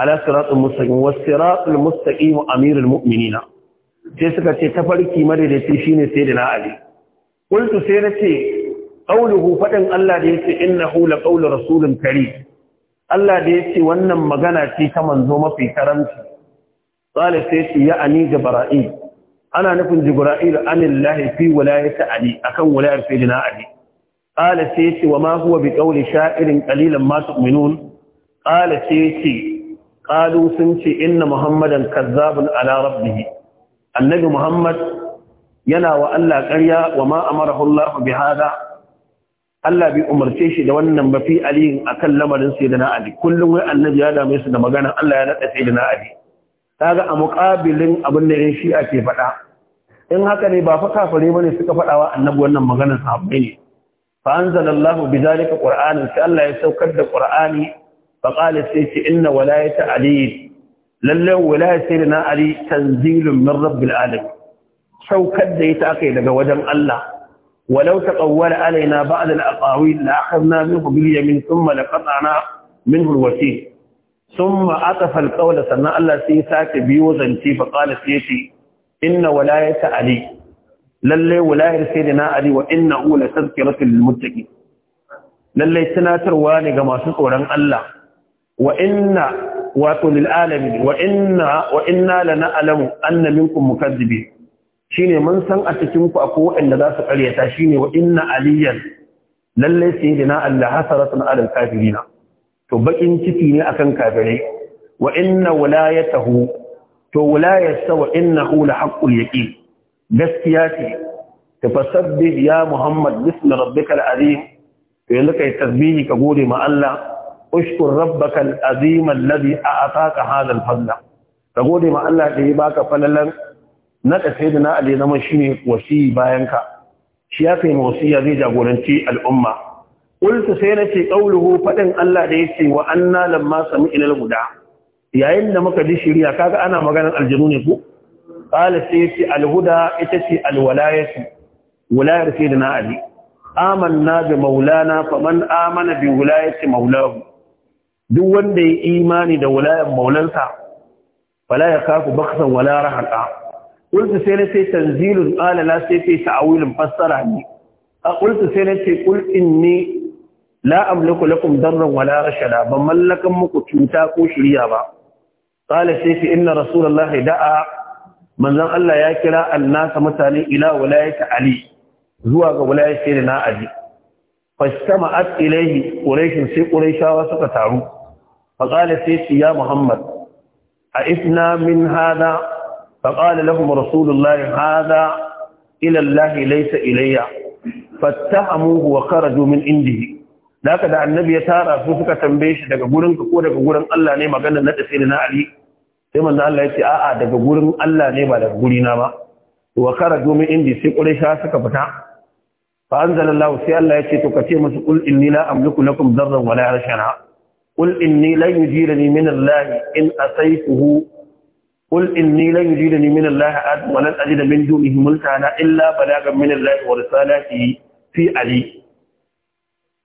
ala siratul mustaqim was siratul mustaqim amirul mu'minina sai suka ce tafarki madaidaici shine sai da na ali sai na ce qawluhu fadan Allah da yace innahu la qawlu rasulun karim Allah da yace wannan magana ce ta manzo mafi karamci qala sai ya ani jibril ana nufin jibrail anillahi fi wilayati ali akan wilayar sayyidina ali qala sai ce wa ma huwa bi qawli sha'irin qalilan ma tu'minun qala ce qalu inna muhammadan kazzabun ala rabbih annabi muhammad yana wa Allah ƙarya wa ma amarahu Allah bi hada Allah bi umarce shi da wannan ba fi aliyin akan lamarin sayyidina ali kullum wai annabi ya dame su da magana Allah ya nada sayyidina ali kaga a muƙabilin abin da shi ake ke faɗa in haka ne ba fa kafare bane suka faɗawa annabi wannan maganar sahabbai ne fa anzalallahu bidhalika qur'anan sai Allah ya saukar da qur'ani fa qala sai ce inna walayata ali lallan walayat na ali tanzilun min rabbil alamin saukar da ita akai daga wajen Allah ولو تقول علينا بعض الأقاويل لأخذنا منه باليمين ثم لقطعنا منه الوسيل Sun atafa alqawla sanan Allah sai ya sake biyo zance, fa qala sayyidi inna walayata ali lalle walayar sayyidina ali wa inna hu la tazkiratul muttaqi lalle tunatarwa ne ga masu tsoron Allah wa inna wa tulil alamin wa inna wa inna lana mun san a cikin ku akwai wanda za su karyata shine wa inna aliyan lalle sayyidina Allah hasaratun alal kafirina to bakin ciki ne akan kafirai wa inna wilayatahu to wilayarsa wa innahu la haqqul yaqin gaskiya ce tafasabbih ya muhammad bismi rabbikal azim to yanzu kai tasbihi ka gode ma Allah ushkur rabbakal azim alladhi a'taka hadha al ka gode ma Allah da ya baka falalan na da sayyidina ali zaman shine wasi bayan ka shi ya kai wasiya zai jagoranci al'umma qultu sai na ce qauluhu faɗin Allah da ya ce wa an anna lamma sami ilal guda. yayin da muka ji shiriya kaga ana maganar aljinu ne ku? qala sai yace al-huda ita ce al-walayatu walayar sayyidina ali amanna bi maulana faman amana bi wilayati maulahu duk wanda ya imani da wulayar maulansa wala fala yakafu baksan wala rahaka sai ta yi قال fassara ne. تعويل مفسر sai na ce قل ne. la amliku lakum darran wala rashada ban mallakan muku cuta ko shirya ba qala sai inna rasulullahi da'a manzon Allah ya kira annasa mutane ila walayati ali zuwa ga walayati na ali fastama'at ilayhi quraish sai quraishawa suka taru fa qala sai ya muhammad a isna min hada fa qala lahum rasulullahi hada ila laysa ilayya fattahamuhu wa kharaju min indihi da haka da annabi ya tara su suka tambaye shi daga gurin ka ko daga gurin Allah ne magana na tafi da na Ali sai manzo Allah ya ce a'a daga gurin Allah ne ba daga gurina ba wa kharaju min indi sai quraisha suka fita fa anzalallahu sai Allah ya ce to kace musu qul inni la amliku lakum darran wala harshana qul inni lan yujirani min Allah in asaytuhu qul inni lan yujirani min Allah ad wa lan ajida min dunihi mulkana illa balagan min Allah wa risalatihi fi ali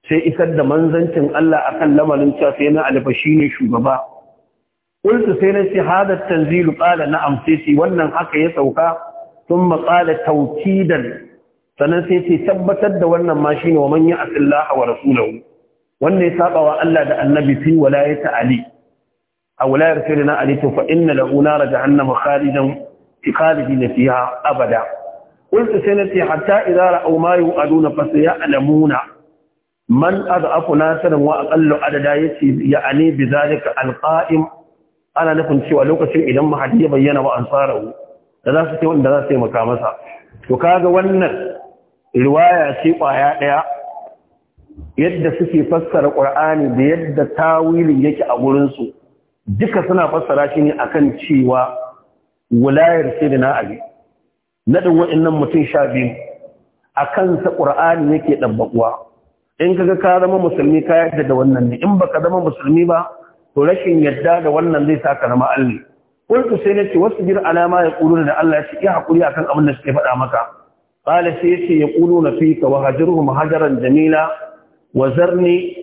sai isar da manzancin Allah akan lamarin cewa sai na alfa shine shugaba qultu sai na ce hada tanzilu qala na sai wannan haka ya sauka thumma qala tawkidan sannan sai ce tabbatar da wannan ma shine wa man ya'tillaha wa rasulahu Wannan ya saba wa Allah da annabi fi walayati ali a walayar na ali to fa inna lahu nar jahannama khalidan fi na fiha abada قلت سنتي حتى إذا رأوا ما ya alamuna. man ad'afu nasirin wa aqallu adada ya ya'ani bi zalika alqa'im ana nufin cewa lokacin idan mahadi ya bayyana wa ansarahu da za su ce wanda za su taimaka masa to kaga wannan riwaya ce kwaya ɗaya, yadda suke fassara qur'ani da yadda tawilin yake a gurin su duka suna fassara shi ne akan cewa wulayar sayyidina ali nadin wa'annan mutum sha biyu a kansa qur'ani yake ɗabbaƙuwa in kaga ka zama musulmi ka yadda da wannan ne in baka zama musulmi ba to rashin yarda da wannan zai sa ka zama alli kullu sai nace wasu jir alama ya kuluna da Allah ya ce ya hakuri akan abin da suke faɗa maka qala sai yace ya kuluna fika wa hajaruhum hajaran jamila wa zarni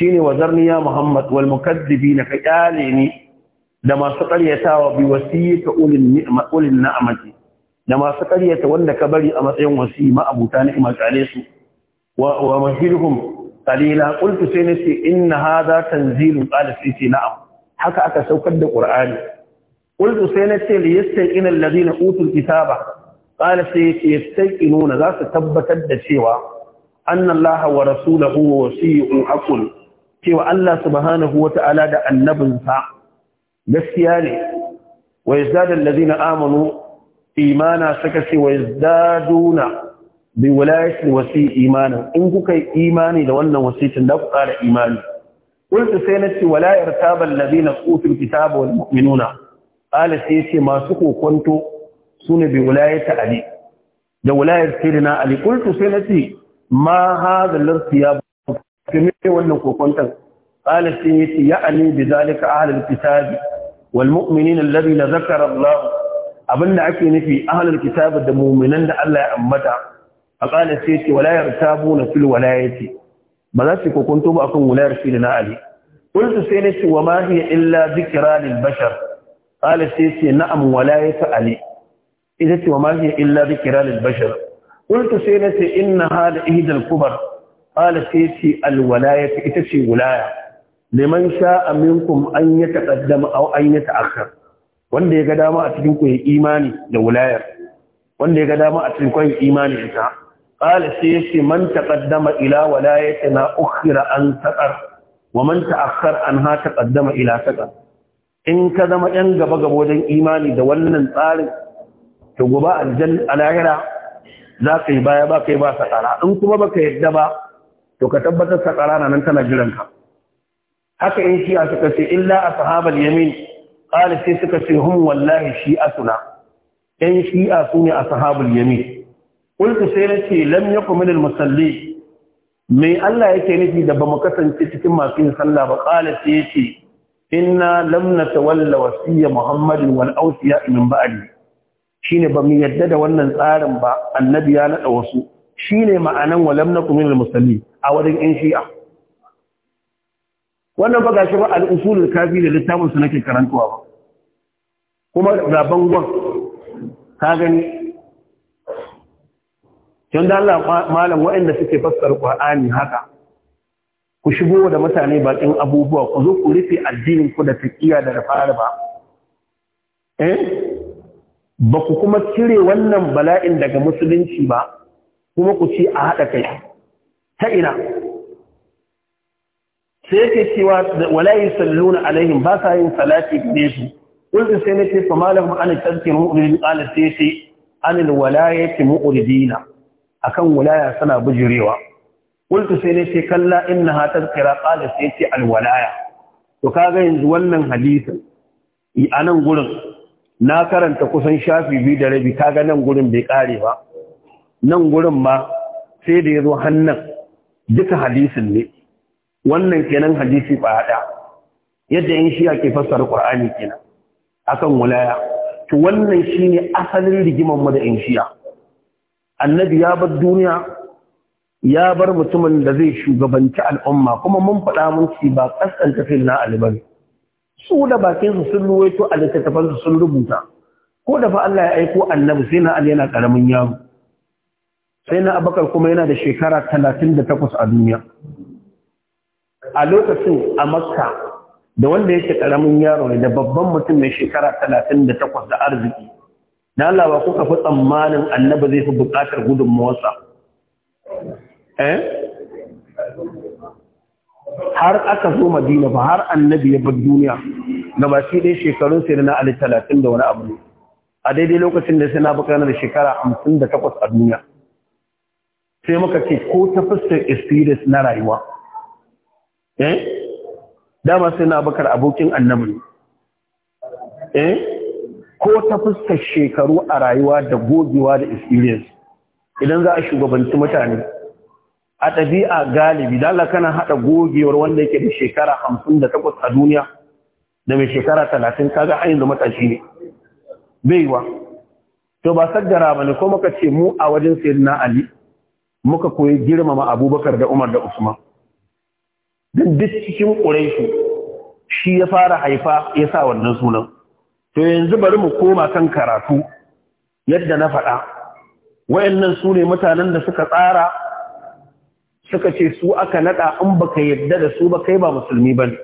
shine wa zarni ya muhammad wal mukaddibina ka kyale ni da masu wa bi wasiyika ulil ni'ma ulil na'mati da masu ƙaryata wanda ka bari a matsayin wasi ma abuta ni'ma su wa mahilhum qalila qultu sai nace inna hadha tanzilun qala sai na'am haka aka saukar da qur'ani qultu sai nace li yastaqina alladhina utul kitaba qala sai yastaqinuna za su tabbatar da cewa anna allaha wa rasuluhu wa wasiyyu aqul cewa Allah subhanahu wata'ala da annabinsa gaskiya ne wa yazdadu alladhina amanu imana saka ce wa yazdaduna bi wulayati wasi imana in kuka yi imani da wannan wasitin da ku kara imani kullu sai na ci wala yartaba alladhina utul kitaba wal mu'minuna sai yace masu kokonto sune bi wulayati ali da wulayati sirina ali kullu sai na ci ma hada lirtiyab kimi wannan kokontan qala sai yace ya ali bi zalika ahli alkitab wal mu'minina alladhina dhakara allah abinda ake nufi ahli alkitab da mu'minan da allah ya ambata a ƙala sai ce walayar ta buna fil walayati ba za su kokunto ba akan walayar fil na ali kultu sai na ce wa ma hiya illa zikra lil bashar ƙala sai ce na'am walayatu ali ita ce wa ma hiya illa zikra lil bashar kultu sai na ce inna hada ihdal kubar ƙala sai ce al walayatu ita ce wilaya liman sha'a minkum an yataqaddama aw an yata'akhkhar wanda ya ga dama a cikin ku ya imani da wulayar wanda ya ga dama a cikin ku imani ta. قال سيشي من تقدم إلى ولايتنا أخر أن تقر ومن تأخر أنها تقدم إلى تقر إن كذا أن قبق وجن إيماني دولنا قال تقباء الجنة الآخرة ذاك يبايا باك يبا سقرا إن كما بك يدبا تكتبت سقرانا ننتنا جلنها haka in shi'a suka ce illa ashabal yamin qala sai suka ce hum wallahi shi'atuna in shi'a sune ashabul yamin sai na ce يكن من musalli mai Allah yake nufi da bamu kasance cikin masu yin sallah ba qala sai yace inna lam natawalla wasiyya muhammadin wal awsiya min ba'di shine mu yadda da wannan tsarin ba annabi ya nada wasu shine ma'anan wa lam nakum minal a wajen in shi'a wannan ba gashi ba al-usulul kafi da littafin su nake karantawa ba kuma ga bangon ka gani Don Allah malam waɗanda suke fassara Qur'ani haka ku shigo da mutane bakin abubuwa ku zo ku rufe addinin ku da taqiya da rafa'a Eh ba ku kuma cire wannan bala'in daga musulunci ba kuma ku ci a haɗa kai ta ina sai yake cewa wala yusalluna alaihim ba sa yin salati gare su kullu sai ce fa malahum an tazkiru mu'minin qala sai sai an alwalayati mu'ridina akan wulaya suna bujurewa qultu sai ne ce kalla ha tazkira qala sai ce alwalaya to kaga yanzu wannan hadisin a nan gurin na karanta kusan shafi biyu da rabi kaga nan gurin bai kare ba nan gurin ma sai da ya zo hannan duka hadisin ne wannan kenan hadisi ba hada yadda in shi ke fassara qur'ani kenan akan walaya. to wannan shine asalin rigimar mu da in shi'a annabi ya bar duniya ya bar mutumin da zai shugabanci al'umma kuma mun faɗa mun ci ba ƙasƙanta fil na alibari su da bakin su sun ruwaito a littattafan su sun rubuta ko da fa Allah ya aiko annabi sai na aliyana yana karamin yaro sai na Abakar kuma yana da shekara 38 a duniya a lokacin a Makka da wanda yake karamin yaro ne da babban mutum mai shekara talatin da 38 da arziki da Allah ba kuka fi tsammanin annaba zai fi buƙatar gudun motsa eh? har aka zo madina ba har annabi ya bar duniya na ba shi dai shekarun sai na ali talatin da wani abu a daidai lokacin da sai na bukana da shekara hamsin da takwas a duniya sai muka ce ko ta fuskar experience na rayuwa eh dama sai na bakar abokin annabi eh ko ta fuskar shekaru a rayuwa da gogewa da experience idan za a shugabanci mutane a ɗabi'a galibi dala kana haɗa gogewar wanda yake da shekara hamsin da takwas a duniya da mai shekara talatin kaga ainihin da matashi ne Bai wa to ba saddara ba ne ko muka ce mu a wajen na ali muka koyi girmama abubakar da umar da usman duk cikin ƙuraishi shi ya fara haifa ya sa wannan sunan to yanzu bari mu koma kan karatu yadda na faɗa wayannan su ne mutanen da suka tsara suka ce su aka nada in baka yadda da su ba kai ba musulmi bane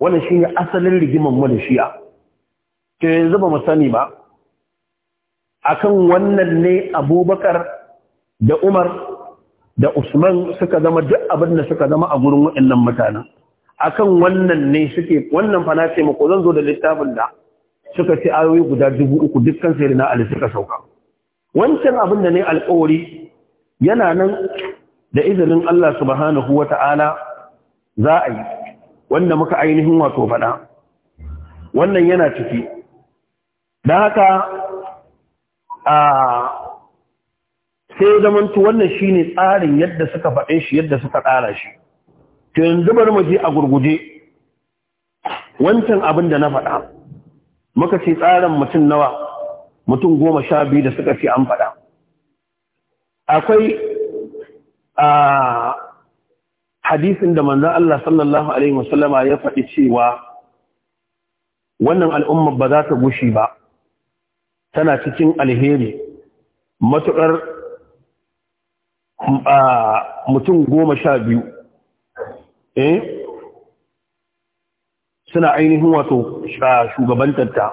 wannan shine asalin rigiman mu da shi'a to yanzu ba mu sani ba akan wannan ne Abubakar da Umar da Usman suka zama duk abin da suka zama a gurin wayannan mutanen akan wannan ne suke wannan fa na ce ko zan zo da littafin da suka ce ayoyi guda dubu uku dukkan sai na ali suka sauka wancan abin da ne alƙawari yana nan da izinin Allah subhanahu wata'ala za a yi wanda muka ainihin wato faɗa wannan yana ciki don haka a sai zamantu wannan shine tsarin yadda suka faɗe shi yadda suka tsara shi yanzu zubar mu je a gurguje wancan abin da na faɗa muka ce tsarin mutum nawa mutum goma sha biyu da suka fi an faɗa akwai a hadisin da manzan Allah sallallahu Alaihi wasallama ya faɗi cewa wannan al'umma ba za ta gushi ba tana cikin alheri matuƙar mutum goma sha biyu eh? suna ainihin wato shugabantarta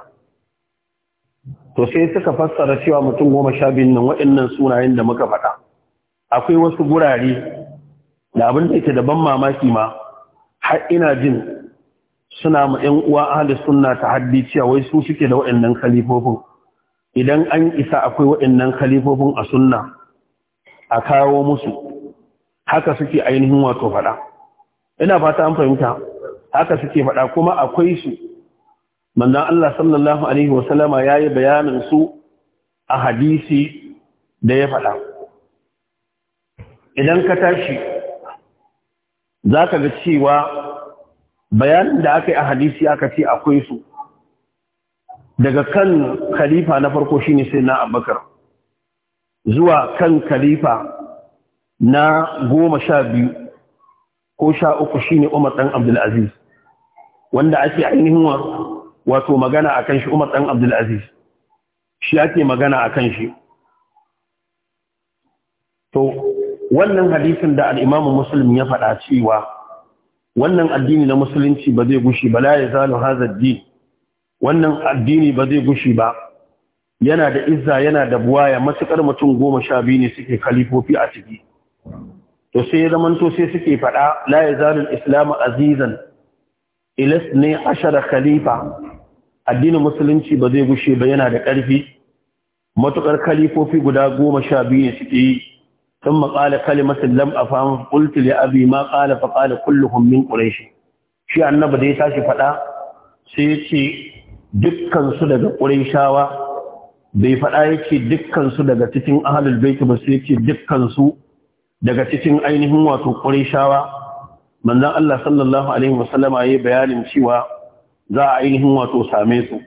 to sai suka fassara cewa mutum goma sha biyun nan waɗannan sunayen da muka faɗa akwai wasu gurare da abin da yake da ban mamaki ma har ina jin suna ma yan uwa ahalis sunna ta haddi cewa wai su suke da waɗannan kalifofin idan an isa akwai waɗannan kalifofin a sunna a kawo musu haka suke ainihin wato faɗa ina fata an fahimta haka suke faɗa kuma akwai su manzon Allah sallallahu alaihi wasallama yayi bayanin su a hadisi da ya faɗa idan ka tashi zaka ga cewa bayanin da aka yi a hadisi aka ce akwai su daga kan khalifa na farko shine sai na abubakar zuwa kan khalifa na goma sha biyu ko sha uku shine umar ɗan abdulaziz wanda ake ainihin wato magana a kan shi umar ɗan abdulaziz shi ake magana a kan shi to wannan hadisin da al'imamu musulun ya faɗa cewa wannan addini na musulunci ba zai gushi ba la zalu hazardi wannan addini ba zai gushi ba yana da izza yana da buwaya matuƙar mutum goma sha biyu ne suke kalifofi a ciki to sai ya zamanto sai suke faɗa la ya zalu islam azizan ilis ne ashara khalifa addinin musulunci ba zai gushe ba yana da ƙarfi matuƙar kalifofi guda goma sha biyu suke yi sun maƙala kalimatin lam a fahimun ƙultul ya abi ma ƙala fa ƙala kullum min ƙureshi shi annaba da ya tashi faɗa sai ya ce dukkansu daga ƙureshawa bai faɗa ya ce dukkansu daga cikin ahalul baiti ba sai ya ce dukkansu daga cikin ainihin wato ƙureshawa manzon Allah sallallahu alaihi wasallama bayanin cewa za a ainihin wato same su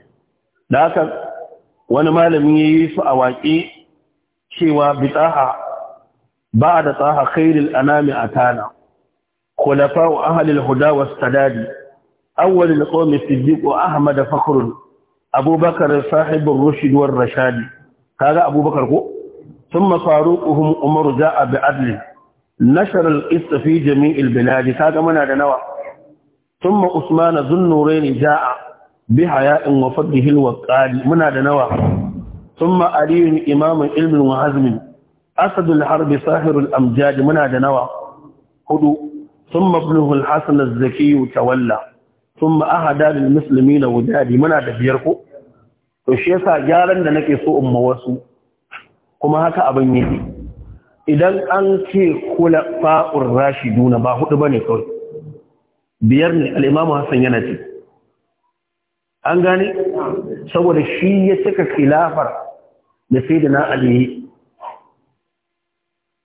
da haka wani malami yi su a waƙe cewa bitaha ba da tsaha khairil anami tana khulafa'u wa al-huda wa sadadi awwal al-qawm siddiq ahmad fakhr abubakar sahibin ar war-rashadi kaga abubakar ko thumma Umaru umar bi bi'adli nashar al-qist fi jami' al kaga muna da nawa thumma usman zunnurain jaa bi haya'in wa fadhihi al muna da nawa thumma ali imam ilm wa hazm asad al-harb amjad muna da nawa hudu thumma ibnuhu al-hasan az-zaki tawalla thumma ahada lil na wudadi muna da biyar ko Yaushe shi yasa gyaran da nake so in ma wasu kuma haka abin yake idan an ce kula fa'ur juna ba hudu ba ne kawai biyar ne al’imamu Hassan yana ce an gane saboda shi ya cika kilafar da na Ali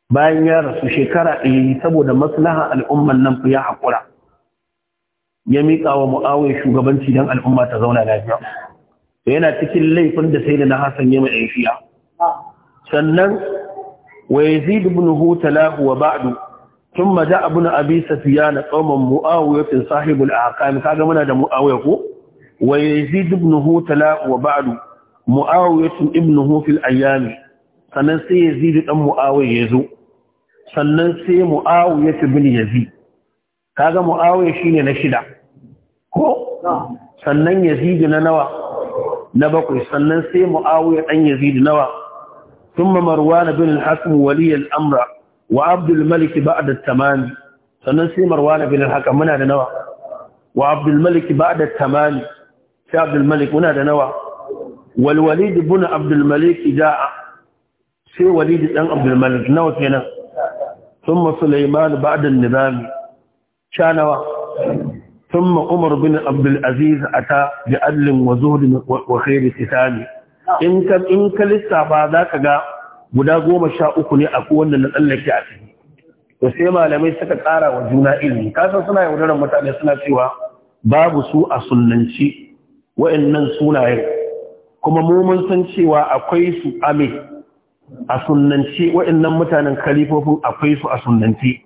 bayan ya rasu shekara ɗaya saboda maslaha al'umman nan ya haƙura ya miƙa wa mu'awai shugabanci don al'umma ta zauna lafiya yana cikin laifin da sai da na Hassan ya mai aifiya sannan ويزيد بن تلاه وبعد ثم جاء ابن ابي سفيان قوم مؤاوية صاحب الاعقام كاغا منا ده كو ويزيد بن تلاه وبعد مؤاوية ابنه في الايام sannan sai Yazid dan Muawiya yazo sannan sai Muawiya ibn Yazid kaga Muawiya shine na shida ko sannan Yazid na nawa na bakwai sannan sai Muawiya dan Yazid nawa ثم مروان بن الحكم ولي الأمر وعبد الملك بعد التمام سننسي مروان بن الحكم من هذا نوع وعبد الملك بعد التمام في عبد الملك من هذا نوع والوليد بن عبد الملك جاء في وليد بن عبد الملك نوع كنا ثم سليمان بعد النظام شانوا ثم عمر بن عبد العزيز أتى بعدل وزهد وخير ختام in ka in ka lissafa za ka ga guda goma sha uku ne a kowanne na tsallake a ciki to sai malamai suka tsara wa juna ilimi kasan suna yaudarar mutane suna cewa babu su a sunnanci wa'annan sunayen kuma mu mun san cewa akwai su ame a sunnanci wa'annan mutanen kalifofin akwai su a sunnanci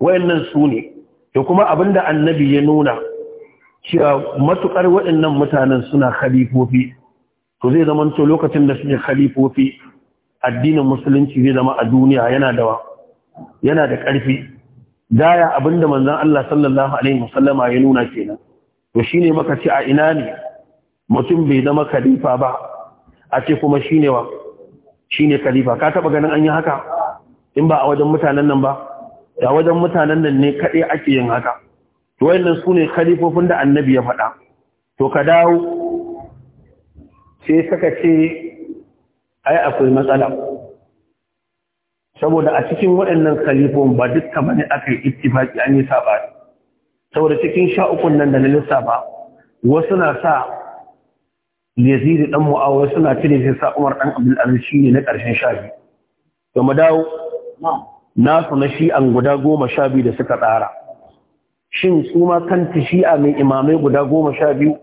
wa'annan su ne da kuma abinda annabi ya nuna cewa matukar nan mutanen suna khalifofi to zai zama to lokacin da suke khalifofi addinin musulunci zai zama a duniya yana da yana da ƙarfi daya abinda manzon Allah sallallahu alaihi wasallama ya nuna kenan to shine maka ce a ina ne mutum bai zama khalifa ba a ce kuma shine wa shine khalifa ka taba ganin an yi haka in ba a wajen mutanen nan ba da wajen mutanen nan ne kaɗai ake yin haka to wayannan su khalifofin da annabi ya faɗa to ka dawo sai suka ce ai akwai matsala saboda a cikin waɗannan kalifon ba dukkan bane aka yi ittifaki an yi saba saboda cikin sha uku nan da na lissafa wasu na sa yazidi dan mu'awar suna cire shi sa umar dan abdul aziz shi ne na ƙarshen sha biyu to mu dawo na su na shi'an guda goma sha biyu da suka tsara shin su ma kanta shi'a mai imamai guda goma sha biyu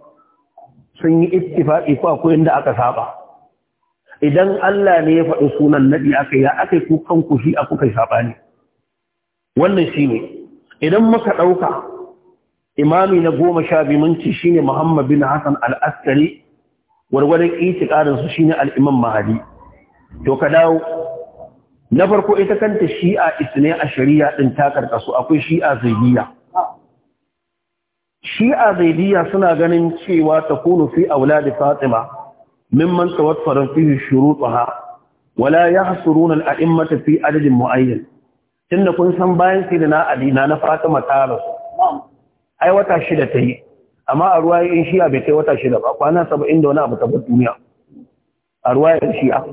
sun yi ittifaqi ko akwai inda aka saba idan Allah ne ya faɗi sunan nabi aka ya aka ku kanku shi a kuka ne. wannan shine idan muka dauka imami na goma sha biyu mun shine Muhammad bin Hassan al-Askari warwarin itiqadin su shine al-Imam Mahdi to ka dawo na farko ita kanta shi'a isne a shari'a din ta karkasu akwai shi'a zaidiyya shi a zaidiya suna ganin cewa ta kunu fi auladi fatima mimman tawaffaran fihi ha wala yahsuruna al-a'immata fi adadin mu'ayyan tunda kun san bayan da na'adi na na fatima ta rasu ai wata shida ta yi amma a ruwaye in shi'a bai kai wata shida ba kwana saba'in da wani abu ta duniya a ruwaye shi shi'a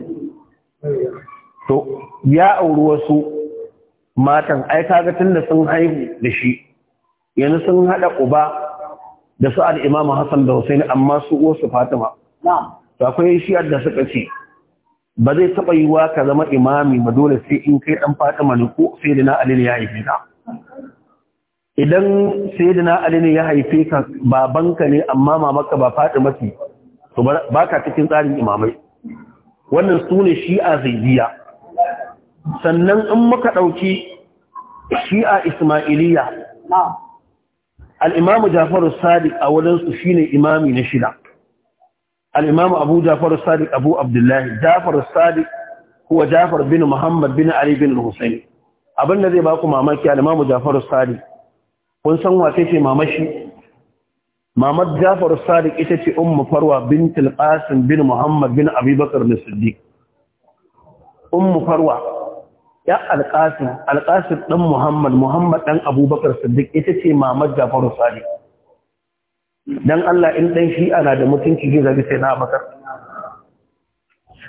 to ya auri wasu matan ai kaga tun da sun haihu da shi yanzu sun haɗa uba da su al'imam Hassan da Hussein amma su wasu Fatima. To akwai shi da suka ce, ba zai taɓa yiwa ka zama imami ba dole sai in kai ɗan Fatima ne ko sai da na Ali ya haife ka. Idan sai da na Ali ya haife ka babanka ne amma mamaka ba Fatima ce, to ba ka cikin tsarin imamai. Wannan su ne shi'a zaidiya. Sannan in muka ɗauki shi'a Isma'iliya. al'imamu jafaru sadiq a wadansu shine imami na shida al'imamu abu jafaru sadiq abu abdullahi jafaru sadiq kuwa jafar bin muhammad bin ali bin husaini abin da zai baku mamaki al'imamu jafaru sadiq kun san wace ce mamashi mamad jafaru sadiq ita ce ummu farwa bintul qasim bin muhammad bin abubakar na siddiq ummu farwa ya alƙasin alƙasin ɗan muhammad muhammad ɗan abubakar sadiq ita ce mamad jafaru sali don allah in ɗan shi ana da mutunci zai zabi sai na abakar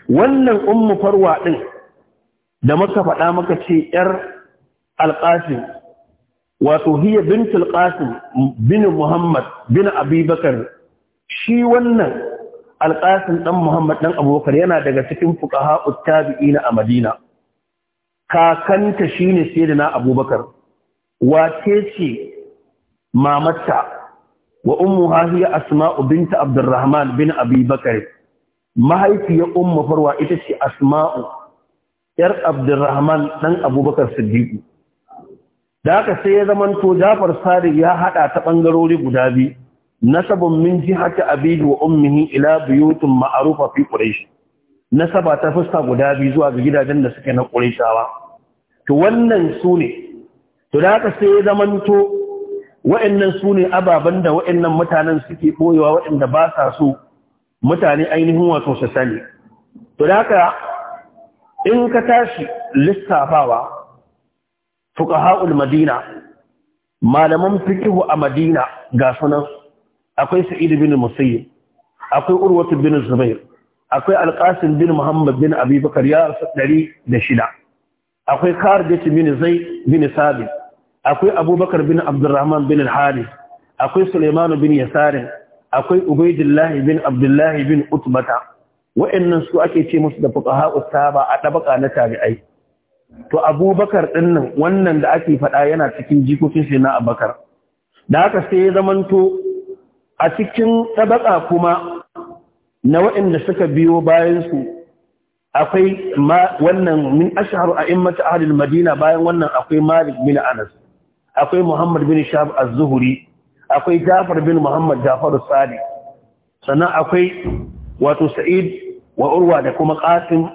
wannan ummu farwa ɗin da muka faɗa maka ce ‘yar alƙasin wato hiya bint alƙasin bin muhammad bin abubakar shi wannan alƙasin ɗan muhammad ɗan abubakar yana daga cikin fuka ha'ut tabi'ina a madina kakanta shi ne da na abubakar wace ce mamata wa ummuha hiya asma'u binta abdurrahman bin abi bakr mahaifiyar ummu farwa ita ce asma'u yar abdurrahman dan abubakar Sadiku? da haka sai ya zamanto jafar sari ya hada ta bangarori guda biyu nasabun min jihati abihi wa ummihi ila buyutun ma'rufa fi quraish nasaba ta fuska guda biyu zuwa ga gidajen da suke na qurayshawa to wannan su ne to da haka sai ya zamanto wa'annan su ne ababen da wa'annan mutanen suke ɓoyewa wa'anda ba sa so mutane ainihin wato su sani to da haka in ka tashi lissafawa fuqaha'ul madina malaman fiqhu a madina ga sunan akwai sa'id bin musayyib akwai urwatu bin zubair akwai alqasim bin muhammad bin abubakar ya da shida. akwai kharijat bin zai, bin sabit akwai abubakar bin abdurrahman bin al akwai suleiman bin yasar akwai Ubaidullahi bin Abdullahi bin utbata wa'annan su ake ce musu da fuqaha usaba a tabaka na tabi'ai to abubakar dinnan wannan da ake faɗa yana cikin jikokin sai na abubakar da haka sai ya zamanto a cikin tabaka kuma na wa'anda suka biyo bayan su akwai ma wannan min ashharu a'immat ahli al-madina bayan wannan akwai Malik bin Anas akwai Muhammad bin Shahab az-Zuhri akwai Jafar bin Muhammad Jafar Sadi. sannan akwai wato Sa'id wa Urwa da kuma Qasim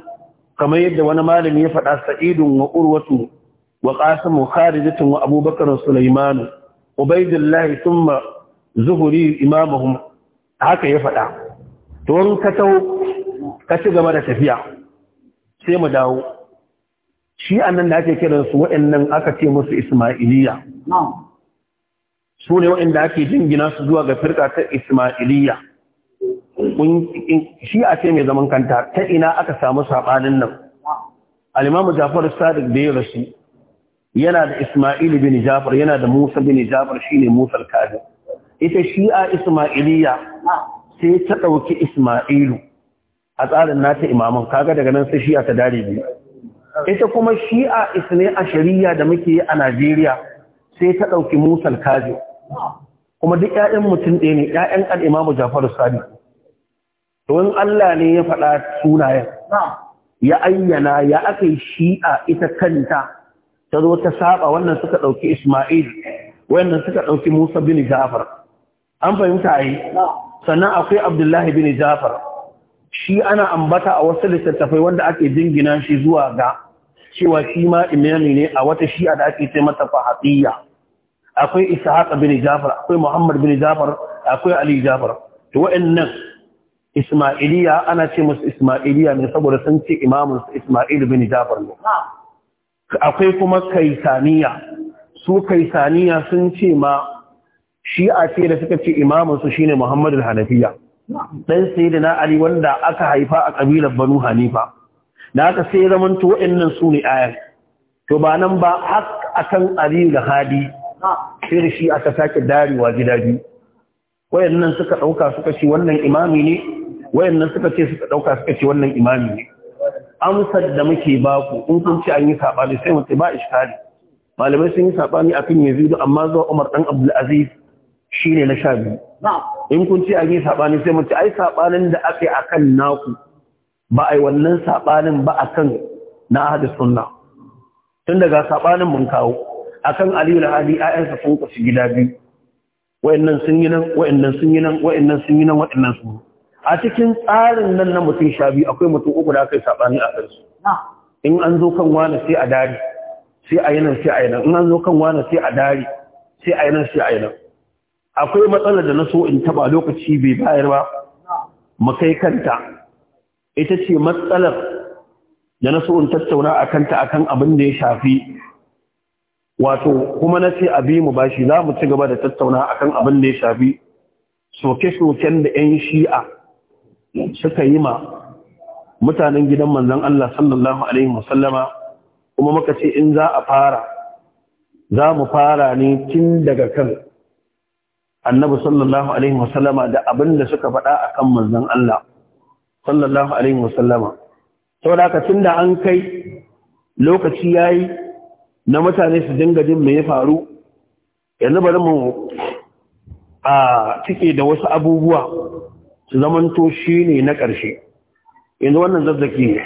kamar yadda wani malami ya faɗa Sa'idun wa Urwatu wa Qasim kharijatun wa Abubakar Sulaiman Ubaydullah thumma Zuhri imamuhum haka ya faɗa to ka tau ka ci gaba da tafiya sai mu dawo shi annan da ake kiransu waɗannan aka ce musu ismailiya su ne waɗanda ake jingina su zuwa ga firka ta Ismailiyya. Shi a ce mai zaman kanta ta ina aka samu saɓanin nan. Alimamu Jafar Sadiq da ya rashi yana da Ismail bin Jafar yana da Musa bin Jafar shi ne al Kadi. Ita shi a Ismailiyya sai ta ɗauki Ismailu a tsarin nata imaman kaga daga nan sai shi'a ta dare biyu ita kuma shi'a isne a shari'a da muke yi a Najeriya sai ta ɗauki musal kaji kuma duk 'ya'yan mutum ɗaya ne ƴaƴan jafar Jafaru Sadiq don Allah ne ya faɗa sunayen ya ayyana ya aka shi'a ita kanta ta zo ta saba wannan suka ɗauki Ismail wannan suka ɗauki Musa bin Jafar an fahimta yi sannan akwai Abdullahi bin Jafar shi ana ambata a wasu littattafai wanda ake jingina shi zuwa ga cewa shi ma imami ne a wata shi'a da ake ce mata fahatiyya akwai ishaq bin jafar akwai muhammad bin jafar akwai ali jafar to wa'annan isma'iliya ana ce musu isma'iliya ne saboda sun ce imamun isma'il bin jafar ne akwai kuma kaisaniya su kaisaniya sun ce ma shi'a ce da suka ce imamun su shine muhammad al-hanafiya dan sayyidina ali wanda aka haifa a kabilar banu hanifa da aka sai zaman to wayannan su ne ayar to ba nan ba hak akan ali da hadi sai da shi aka sake darewa gida biyu wayannan suka dauka suka ce wannan imami ne wayannan suka ce suka dauka suka ce wannan imami ne amsar da muke baku in kun ci an yi sabani sai mu ce ba iskali malamai sun yi sabani akan yazidu amma zuwa umar dan abdul aziz shine na sha biyu in kun ci an yi saɓani sai mace ai saɓanin da aka yi a kan naku ba a yi wannan saɓanin ba a kan na hadis sunna tun daga saɓanin mun kawo a kan aliyu da hali ayansa sun kusa gida biyu wa'annan sun yi nan wa'annan sun yi nan wa'annan sun yi nan wa'annan sun a cikin tsarin nan na mutum sha biyu akwai mutum uku da aka yi saɓani a kansu in an zo kan wani sai a dari sai a yi nan sai a yi nan in an zo kan wani sai a dari sai a yi nan sai a yi nan akwai matsalar da na so in taba lokaci bai bayar ba makai kanta ita ce matsalar da na so in tattauna a kanta akan abin da ya shafi wato kuma na ce abi mu bashi za mu ci gaba da tattauna akan abin da ya shafi soke-soken da 'yan shi'a suka yi ma mutanen gidan manzon Allah sallallahu alaihi wasallama kuma muka ce in za a fara za mu fara ne tun daga kan annabi sallallahu alaihi wasallama da abin da suka faɗa akan manzon Allah sallallahu alaihi wasallama saboda haka tunda an kai lokaci yayi na mutane su dinga jin me ya faru yanzu bari mu a cike da wasu abubuwa su to shine na ƙarshe yanzu wannan zazzaki ne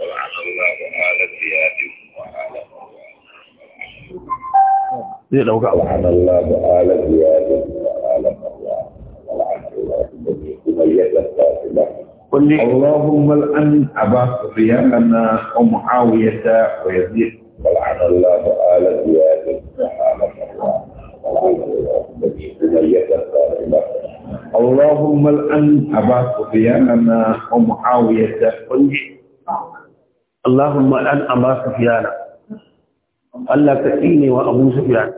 وعلى الله وعلى إذا لو قال عن الله تعالى الله ولعن الله بني أمية القاتلة اللهم الان أبا صفيان ومعاوية ويزيد ولعن الله تعالى زيادة وعالم الله اللهم الان ابا سفيان ومعاويه قل اللهم الان ابا سفيان Allah ka tsine wa Abu Sufyan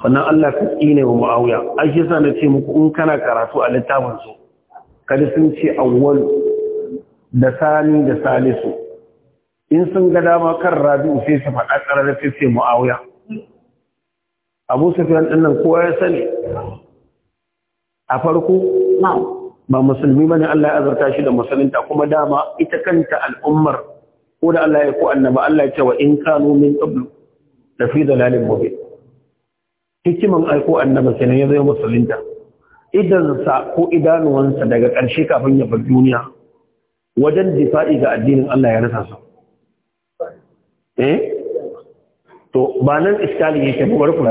sannan Allah ka tsine wa ma'auya ai shi ce muku in kana karatu a littafin kada sun ce awwal da sani da salisu in sun ga dama kan rabi'u sai su faɗa ƙarar sai ce ma'auya Abu Sufyan din nan kowa ya sani a farko ba musulmi bane Allah ya azurta shi da musulunta kuma dama ita kanta al'ummar ko da Allah ya ko annaba Allah ya ce wa in kanu min qablu la fi dalalin mubin hikiman ko annaba sai ya zai musulunta idan sa ko idanuwansa daga ƙarshe kafin ya bar duniya wajen difa'i ga addinin Allah ya rasa su eh to ba nan iskali yake ba barku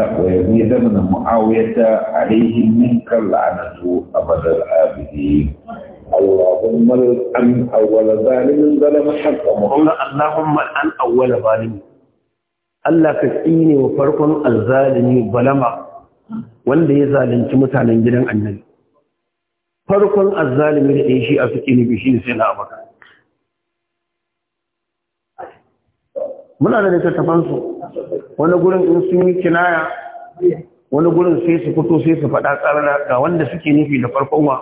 ya zama mu'awiyata alaihi min kallana zu abadal abidi اللهم الان اول ظالم ظلم حقه اللهم الان اول ظالم Allah ka tsine wa farkon azzalimi balama wanda ya zalunci mutanen gidan annabi farkon azzalimi da ya shi a fi tsini shi ne sai na abaka muna da littattafansu wani gurin in sun yi kinaya wani gurin sai su fito sai su faɗa tsarara ga wanda suke nufi da farkon wa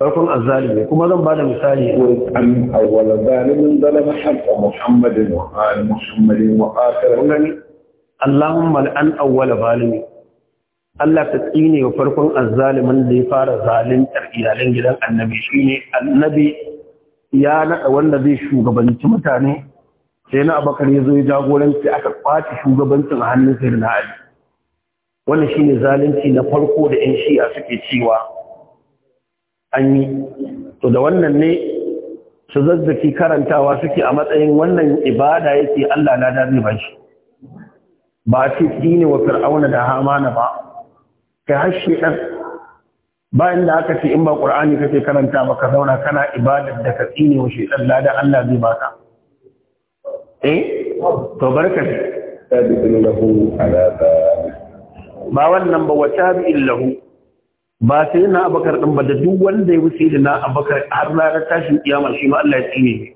farkon azzalimi kuma zan da misali an awwala zalimin zalama haqqa muhammadin wa ali muhammadin wa akhir gani allahumma an awwala zalimi Allah ta tsine wa farkon azzalimin da ya fara zalintar iyalan gidan annabi shine annabi ya nada wanda zai shugabanci mutane sai na abakar ya zo ya jagoranci aka kwace shugabancin a hannun sayyidina ali wannan shine zalunci na farko da yan shi'a suke cewa an yi to da wannan ne su zazzaki karantawa suke a matsayin wannan ibada yake Allah na da zai bashi ba ce dini wa fir'auna da hamana ba kai har dan bayan da aka ce in ba qur'ani kake karanta ba ka zauna kana ibadar da ka tsine wa la da Allah zai baka eh to barka bi lahu ala ba wannan ba wa bi lahu ba sai na abakar ɗin ba da duk wanda ya wuce da na abakar har ga tashin kiyama shi ma Allah ya tsine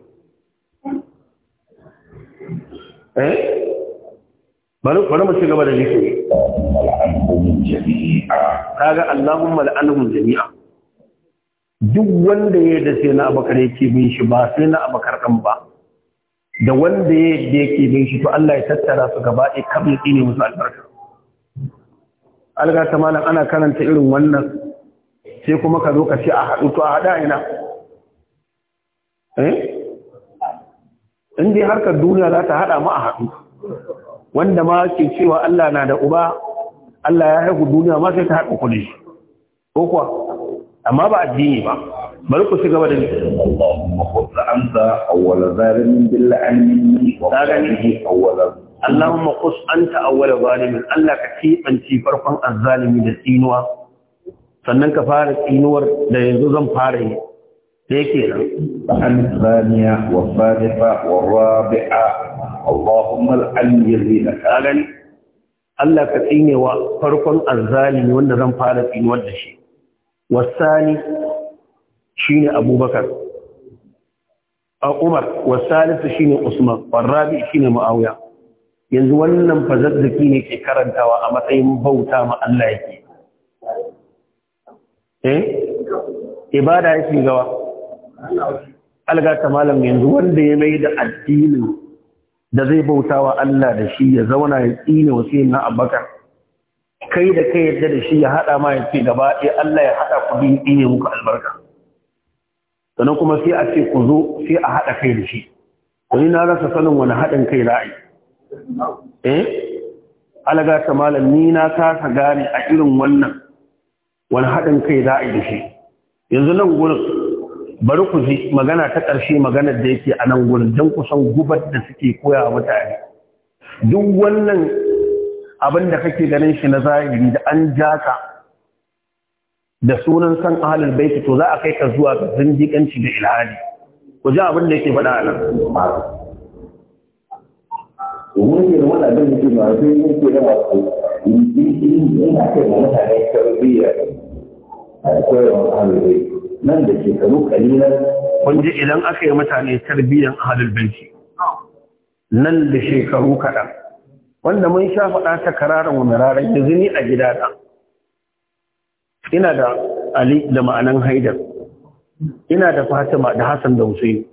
eh bari bari mu ci gaba da zikiri kaga Allahumma la'anhum jami'a duk wanda ya da sai na abakar yake bin shi ba sai na abakar ɗin ba da wanda ya da yake bin shi to Allah ya tattara su gaba ɗaya kabin ne musu albarka alga ta malam ana karanta irin wannan sai kuma ka zo ka ce a haɗu to a haɗa ina eh in harkar duniya za ta haɗa mu a haɗu wanda ma ke cewa Allah na da uba Allah ya haihu duniya ma sai ta haɗa kuɗi ko kuwa amma ba addini ba bari ku shiga da Allahumma khudh amsa awwala zalimin bil almi wa qadihi awwala Allahumma qus anta awwal zalimin Allah ka kibanci farkon azzalimi da tsinuwa sannan ka fara tsinuwar da yanzu zan fara yi da yake nan al-thaniya wa thalitha wa rabi'a Allahumma al-aliyyi lakalan Allah ka tsinewa farkon azzalimi wanda zan fara tsinuwar da shi wasani shine Abubakar a Umar wasalisu shine Usman warabi shine Muawiya yanzu wannan fazazzaki ne ke karantawa a matsayin bauta ma Allah yake eh ibada yake gawa alga ta malam yanzu wanda ya mai da addinin da zai bauta wa Allah da shi ya zauna ya tsine wasu yin na kai da kai yadda da shi ya haɗa ma ya ce gaba ɗaya Allah ya haɗa ku biyu tsine muku albarka sannan kuma sai a ce ku zo sai a haɗa kai da shi wani na rasa sanin wani haɗin kai ra'ayi eh alaga ta malam ni na kasa gane a irin wannan wani haɗin kai za a yi da yanzu nan gurin bari ku ji magana ta ƙarshe maganar da yake a nan gurin don kusan gubar da suke koya mutane duk wannan abin da kake ganin shi na zahiri da an ja ka da sunan san ahalin baiti to za a kai ka zuwa ga zindiƙanci da ilhadi ku ji abin da yake faɗa a nan domin ke wani abin da ke masu yin ke da masu yana kai ma mutane tarbiyya a koyarwar ahalbai nan da shekaru kalilan kun ji idan aka yi mutane tarbiyyan ahalbaiti nan da shekaru kaɗan wanda mun sha faɗa ta kararan wani rarar yanzu ni a gida na ina da ali da ma'anan haidar ina da fatima da hassan da husaini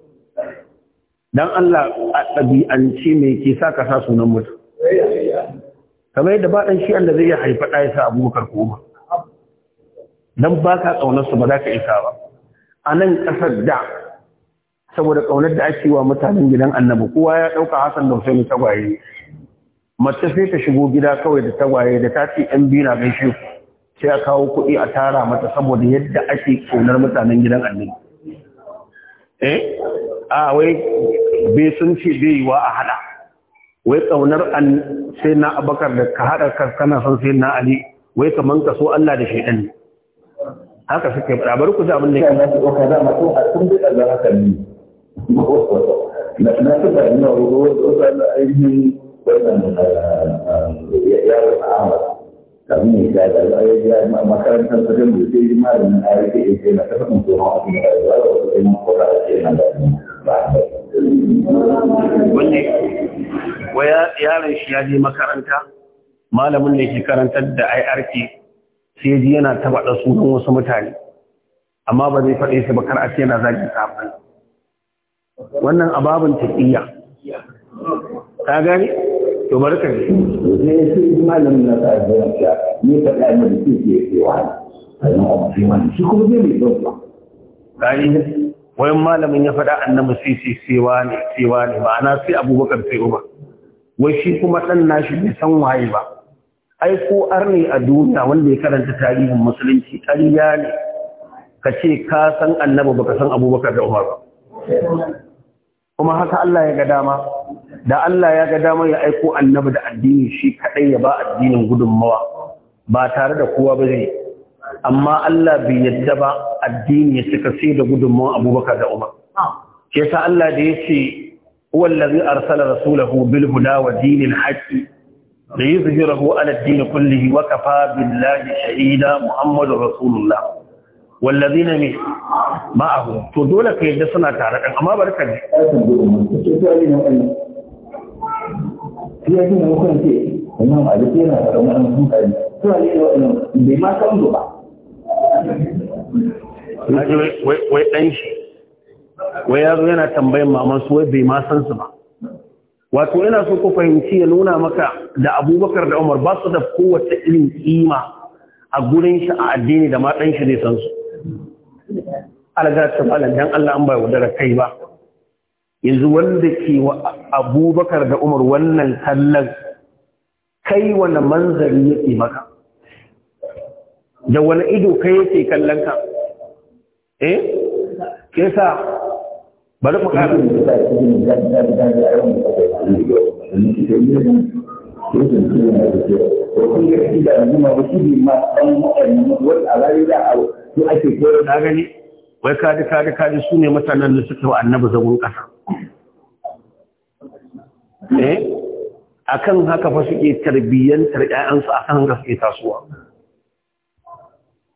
dan Allah a ɗabi'anci mai ke sa ka sa sunan mutum kamar yadda ba ɗan shi da zai iya haifa ɗaya sa abubakar ko dan ba ka su ba za ka isa ba a nan ƙasar da saboda ƙaunar da ake wa mutanen gidan annabi kowa ya ɗauka hasan da husaini tagwaye mace sai ta shigo gida kawai da tagwaye da ta ce yan biyu na gaishe ku sai a kawo kuɗi a tara mata saboda yadda ake ƙaunar mutanen gidan annabi eh a wai bai sun ce bai yi wa a hada wai kaunar an sai na abakar da ka hada kana son sai na ali wai kaman ka so Allah da shaidan haka suke fada bari ku ji abin da yake ko kaza ma to a tun da Allah haka ne na tuba ina ruwa wasu ainihin wannan ya na Ahmad kami ya da ya ya makarantar ta kan sai ji malamin a yake ya ce na ta kan koma a cikin rayuwa da wasu ɗin kota a ce nan da ba wanne waya yaron shi ya je makaranta malamin da ke karantar da IRT sai ji yana taba da sunan wasu mutane amma ba zai faɗe shi ba kar a ce yana zagi sabon wannan ababin taƙiyya ka gani to barka ne eh, shi sai malam na ta ga ya ni ta da mun shi ke cewa ai na ofi man shi kuma zai mai dauka dai wai malamin ya faɗa annabi sai sai cewa ne cewa ne ma'ana sai abubakar sai uba wai shi kuma dan nashi bai san waye ba ai ko arne a duniya wanda ya karanta tarihin musulunci ƙarya ne ka ce ka san annabi baka san abubakar da umar ba kuma haka Allah ya ga dama da Allah ya ga dama ya aiko annabi da addini shi kadai ya ba addinin gudunmawa ba tare da kowa ba zai amma Allah bai yadda ba addini ya suka sai da gudunmawa Abubakar da Umar ke sa Allah da yace wallazi arsala rasulahu bil huda wa dinil haqqi liyuzhirahu ala ad-din kullihi wa kafa billahi shahida muhammadur rasulullah wallazi na ne ma'ahu to dole ka yadda suna tare ɗan amma bari ka ne ya yana da bai ma ba wai ɗan shi wai yaro yana tambayin maman su wai bai ma san su ba wato yana so ku fahimci ya nuna maka da abubakar da umar ba su da kowace irin kima a gurin shi a addini da ma ɗan shi zai san su algarta malam dan Allah an bai wadara kai ba yanzu wanda ke wa abubakar da umar wannan kallon kai wani manzari yake maka da wani ido kai yake kallon ka eh kesa bari mu kafa Ko kun da a rayuwa su ake koyo da gani wai kaji kaji kaji su ne mutanen da suke wa annabi zagon ƙasa eh akan haka fa suke tarbiyyantar ƴaƴansu a haka suke tasowa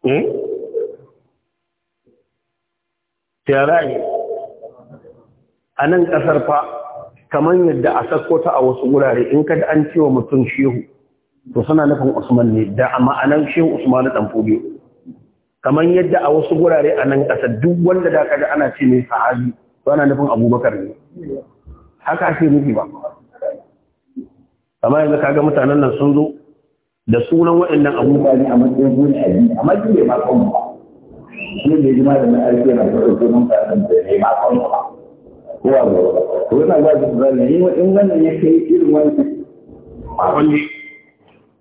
eh a nan ƙasar fa kamar yadda a sako ta a wasu wurare in kada an cewa mutum shehu to suna nufin usman ne da a ma'anar shehu Usman usmanu fobe kamar yadda a wasu gurare a nan ƙasa duk wanda da kaga ana ce mai sahabi to ana nufin abubakar ne haka ake nufi ba amma yanzu kaga mutanen nan sun zo da sunan waɗannan abubuwa ne a matsayin guri a yi amma duk bai ma ba shi ne bai jima da na aiki na fara ko mun fara da bai ma kan ba ko a ba to wannan ba da zan yi in wannan ya kai irin wannan ba wani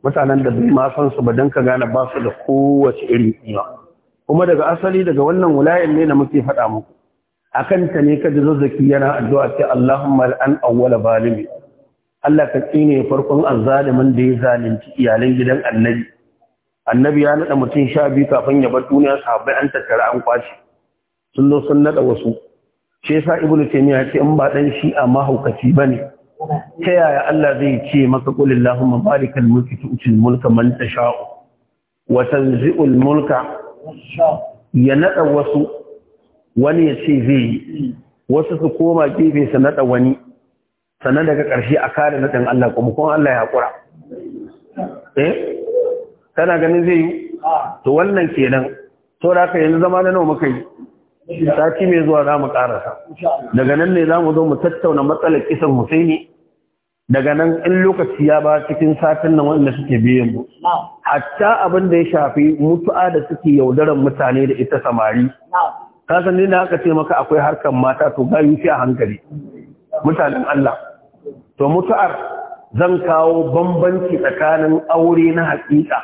mutanen da duk ma san su ba dan ka gane ba su da kowace irin kima kuma daga asali daga wannan wulayen ne da muke faɗa muku A kanta ne kaji zazzaki yana addu'a ce Allahumma al'an awwala balimi Allah ka tsine farkon azzalimin da ya zalunci iyalan gidan annabi annabi ya nada mutum sha biyu kafin ya bar duniya sahabbai an tattara an kwashi sun zo sun nada wasu shi yasa ibnu taymiya ce in ba dan shi amma haukaci bane ta yaya Allah zai ce maka qul Allahumma balikal mulki tu'til mulka man tasha'u wa tanzi'ul mulka ya naɗa wasu wani ya ce zai yi wasu su koma gefe su naɗa wani sannan daga ƙarshe a kare naɗin Allah kuma kuma Allah ya haƙura eh tana ganin zai yi to wannan kenan to da ka yanzu zama na nawa muka yi sati mai zuwa za mu ƙarasa daga nan ne za mu zo mu tattauna matsalar kisan Husaini daga nan in lokaci ya ba cikin satin nan wanda suke biyan mu hatta abin da ya shafi mutu'a da suke yaudaran mutane da ita samari ka san da aka ce maka akwai harkan mata to gayu shi a hankali mutanen Allah to mutu'ar zan kawo bambanci tsakanin aure na hakika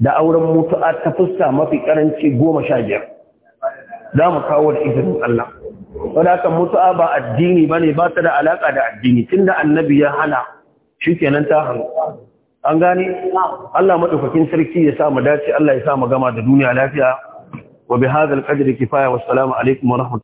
da auren mutu'a ta fuska mafi karanci goma sha biyar za mu kawo da izinin Allah wadda mutu'a ba addini ba ne ba ta da alaƙa da addini tun da annabi ya hana shi kenan ta hannu an gane Allah maɗaukakin sarki ya sa mu dace Allah ya sa mu gama da duniya lafiya wa bi hadha al-qadri kifaya wassalamu alaikum wa rahmatullahi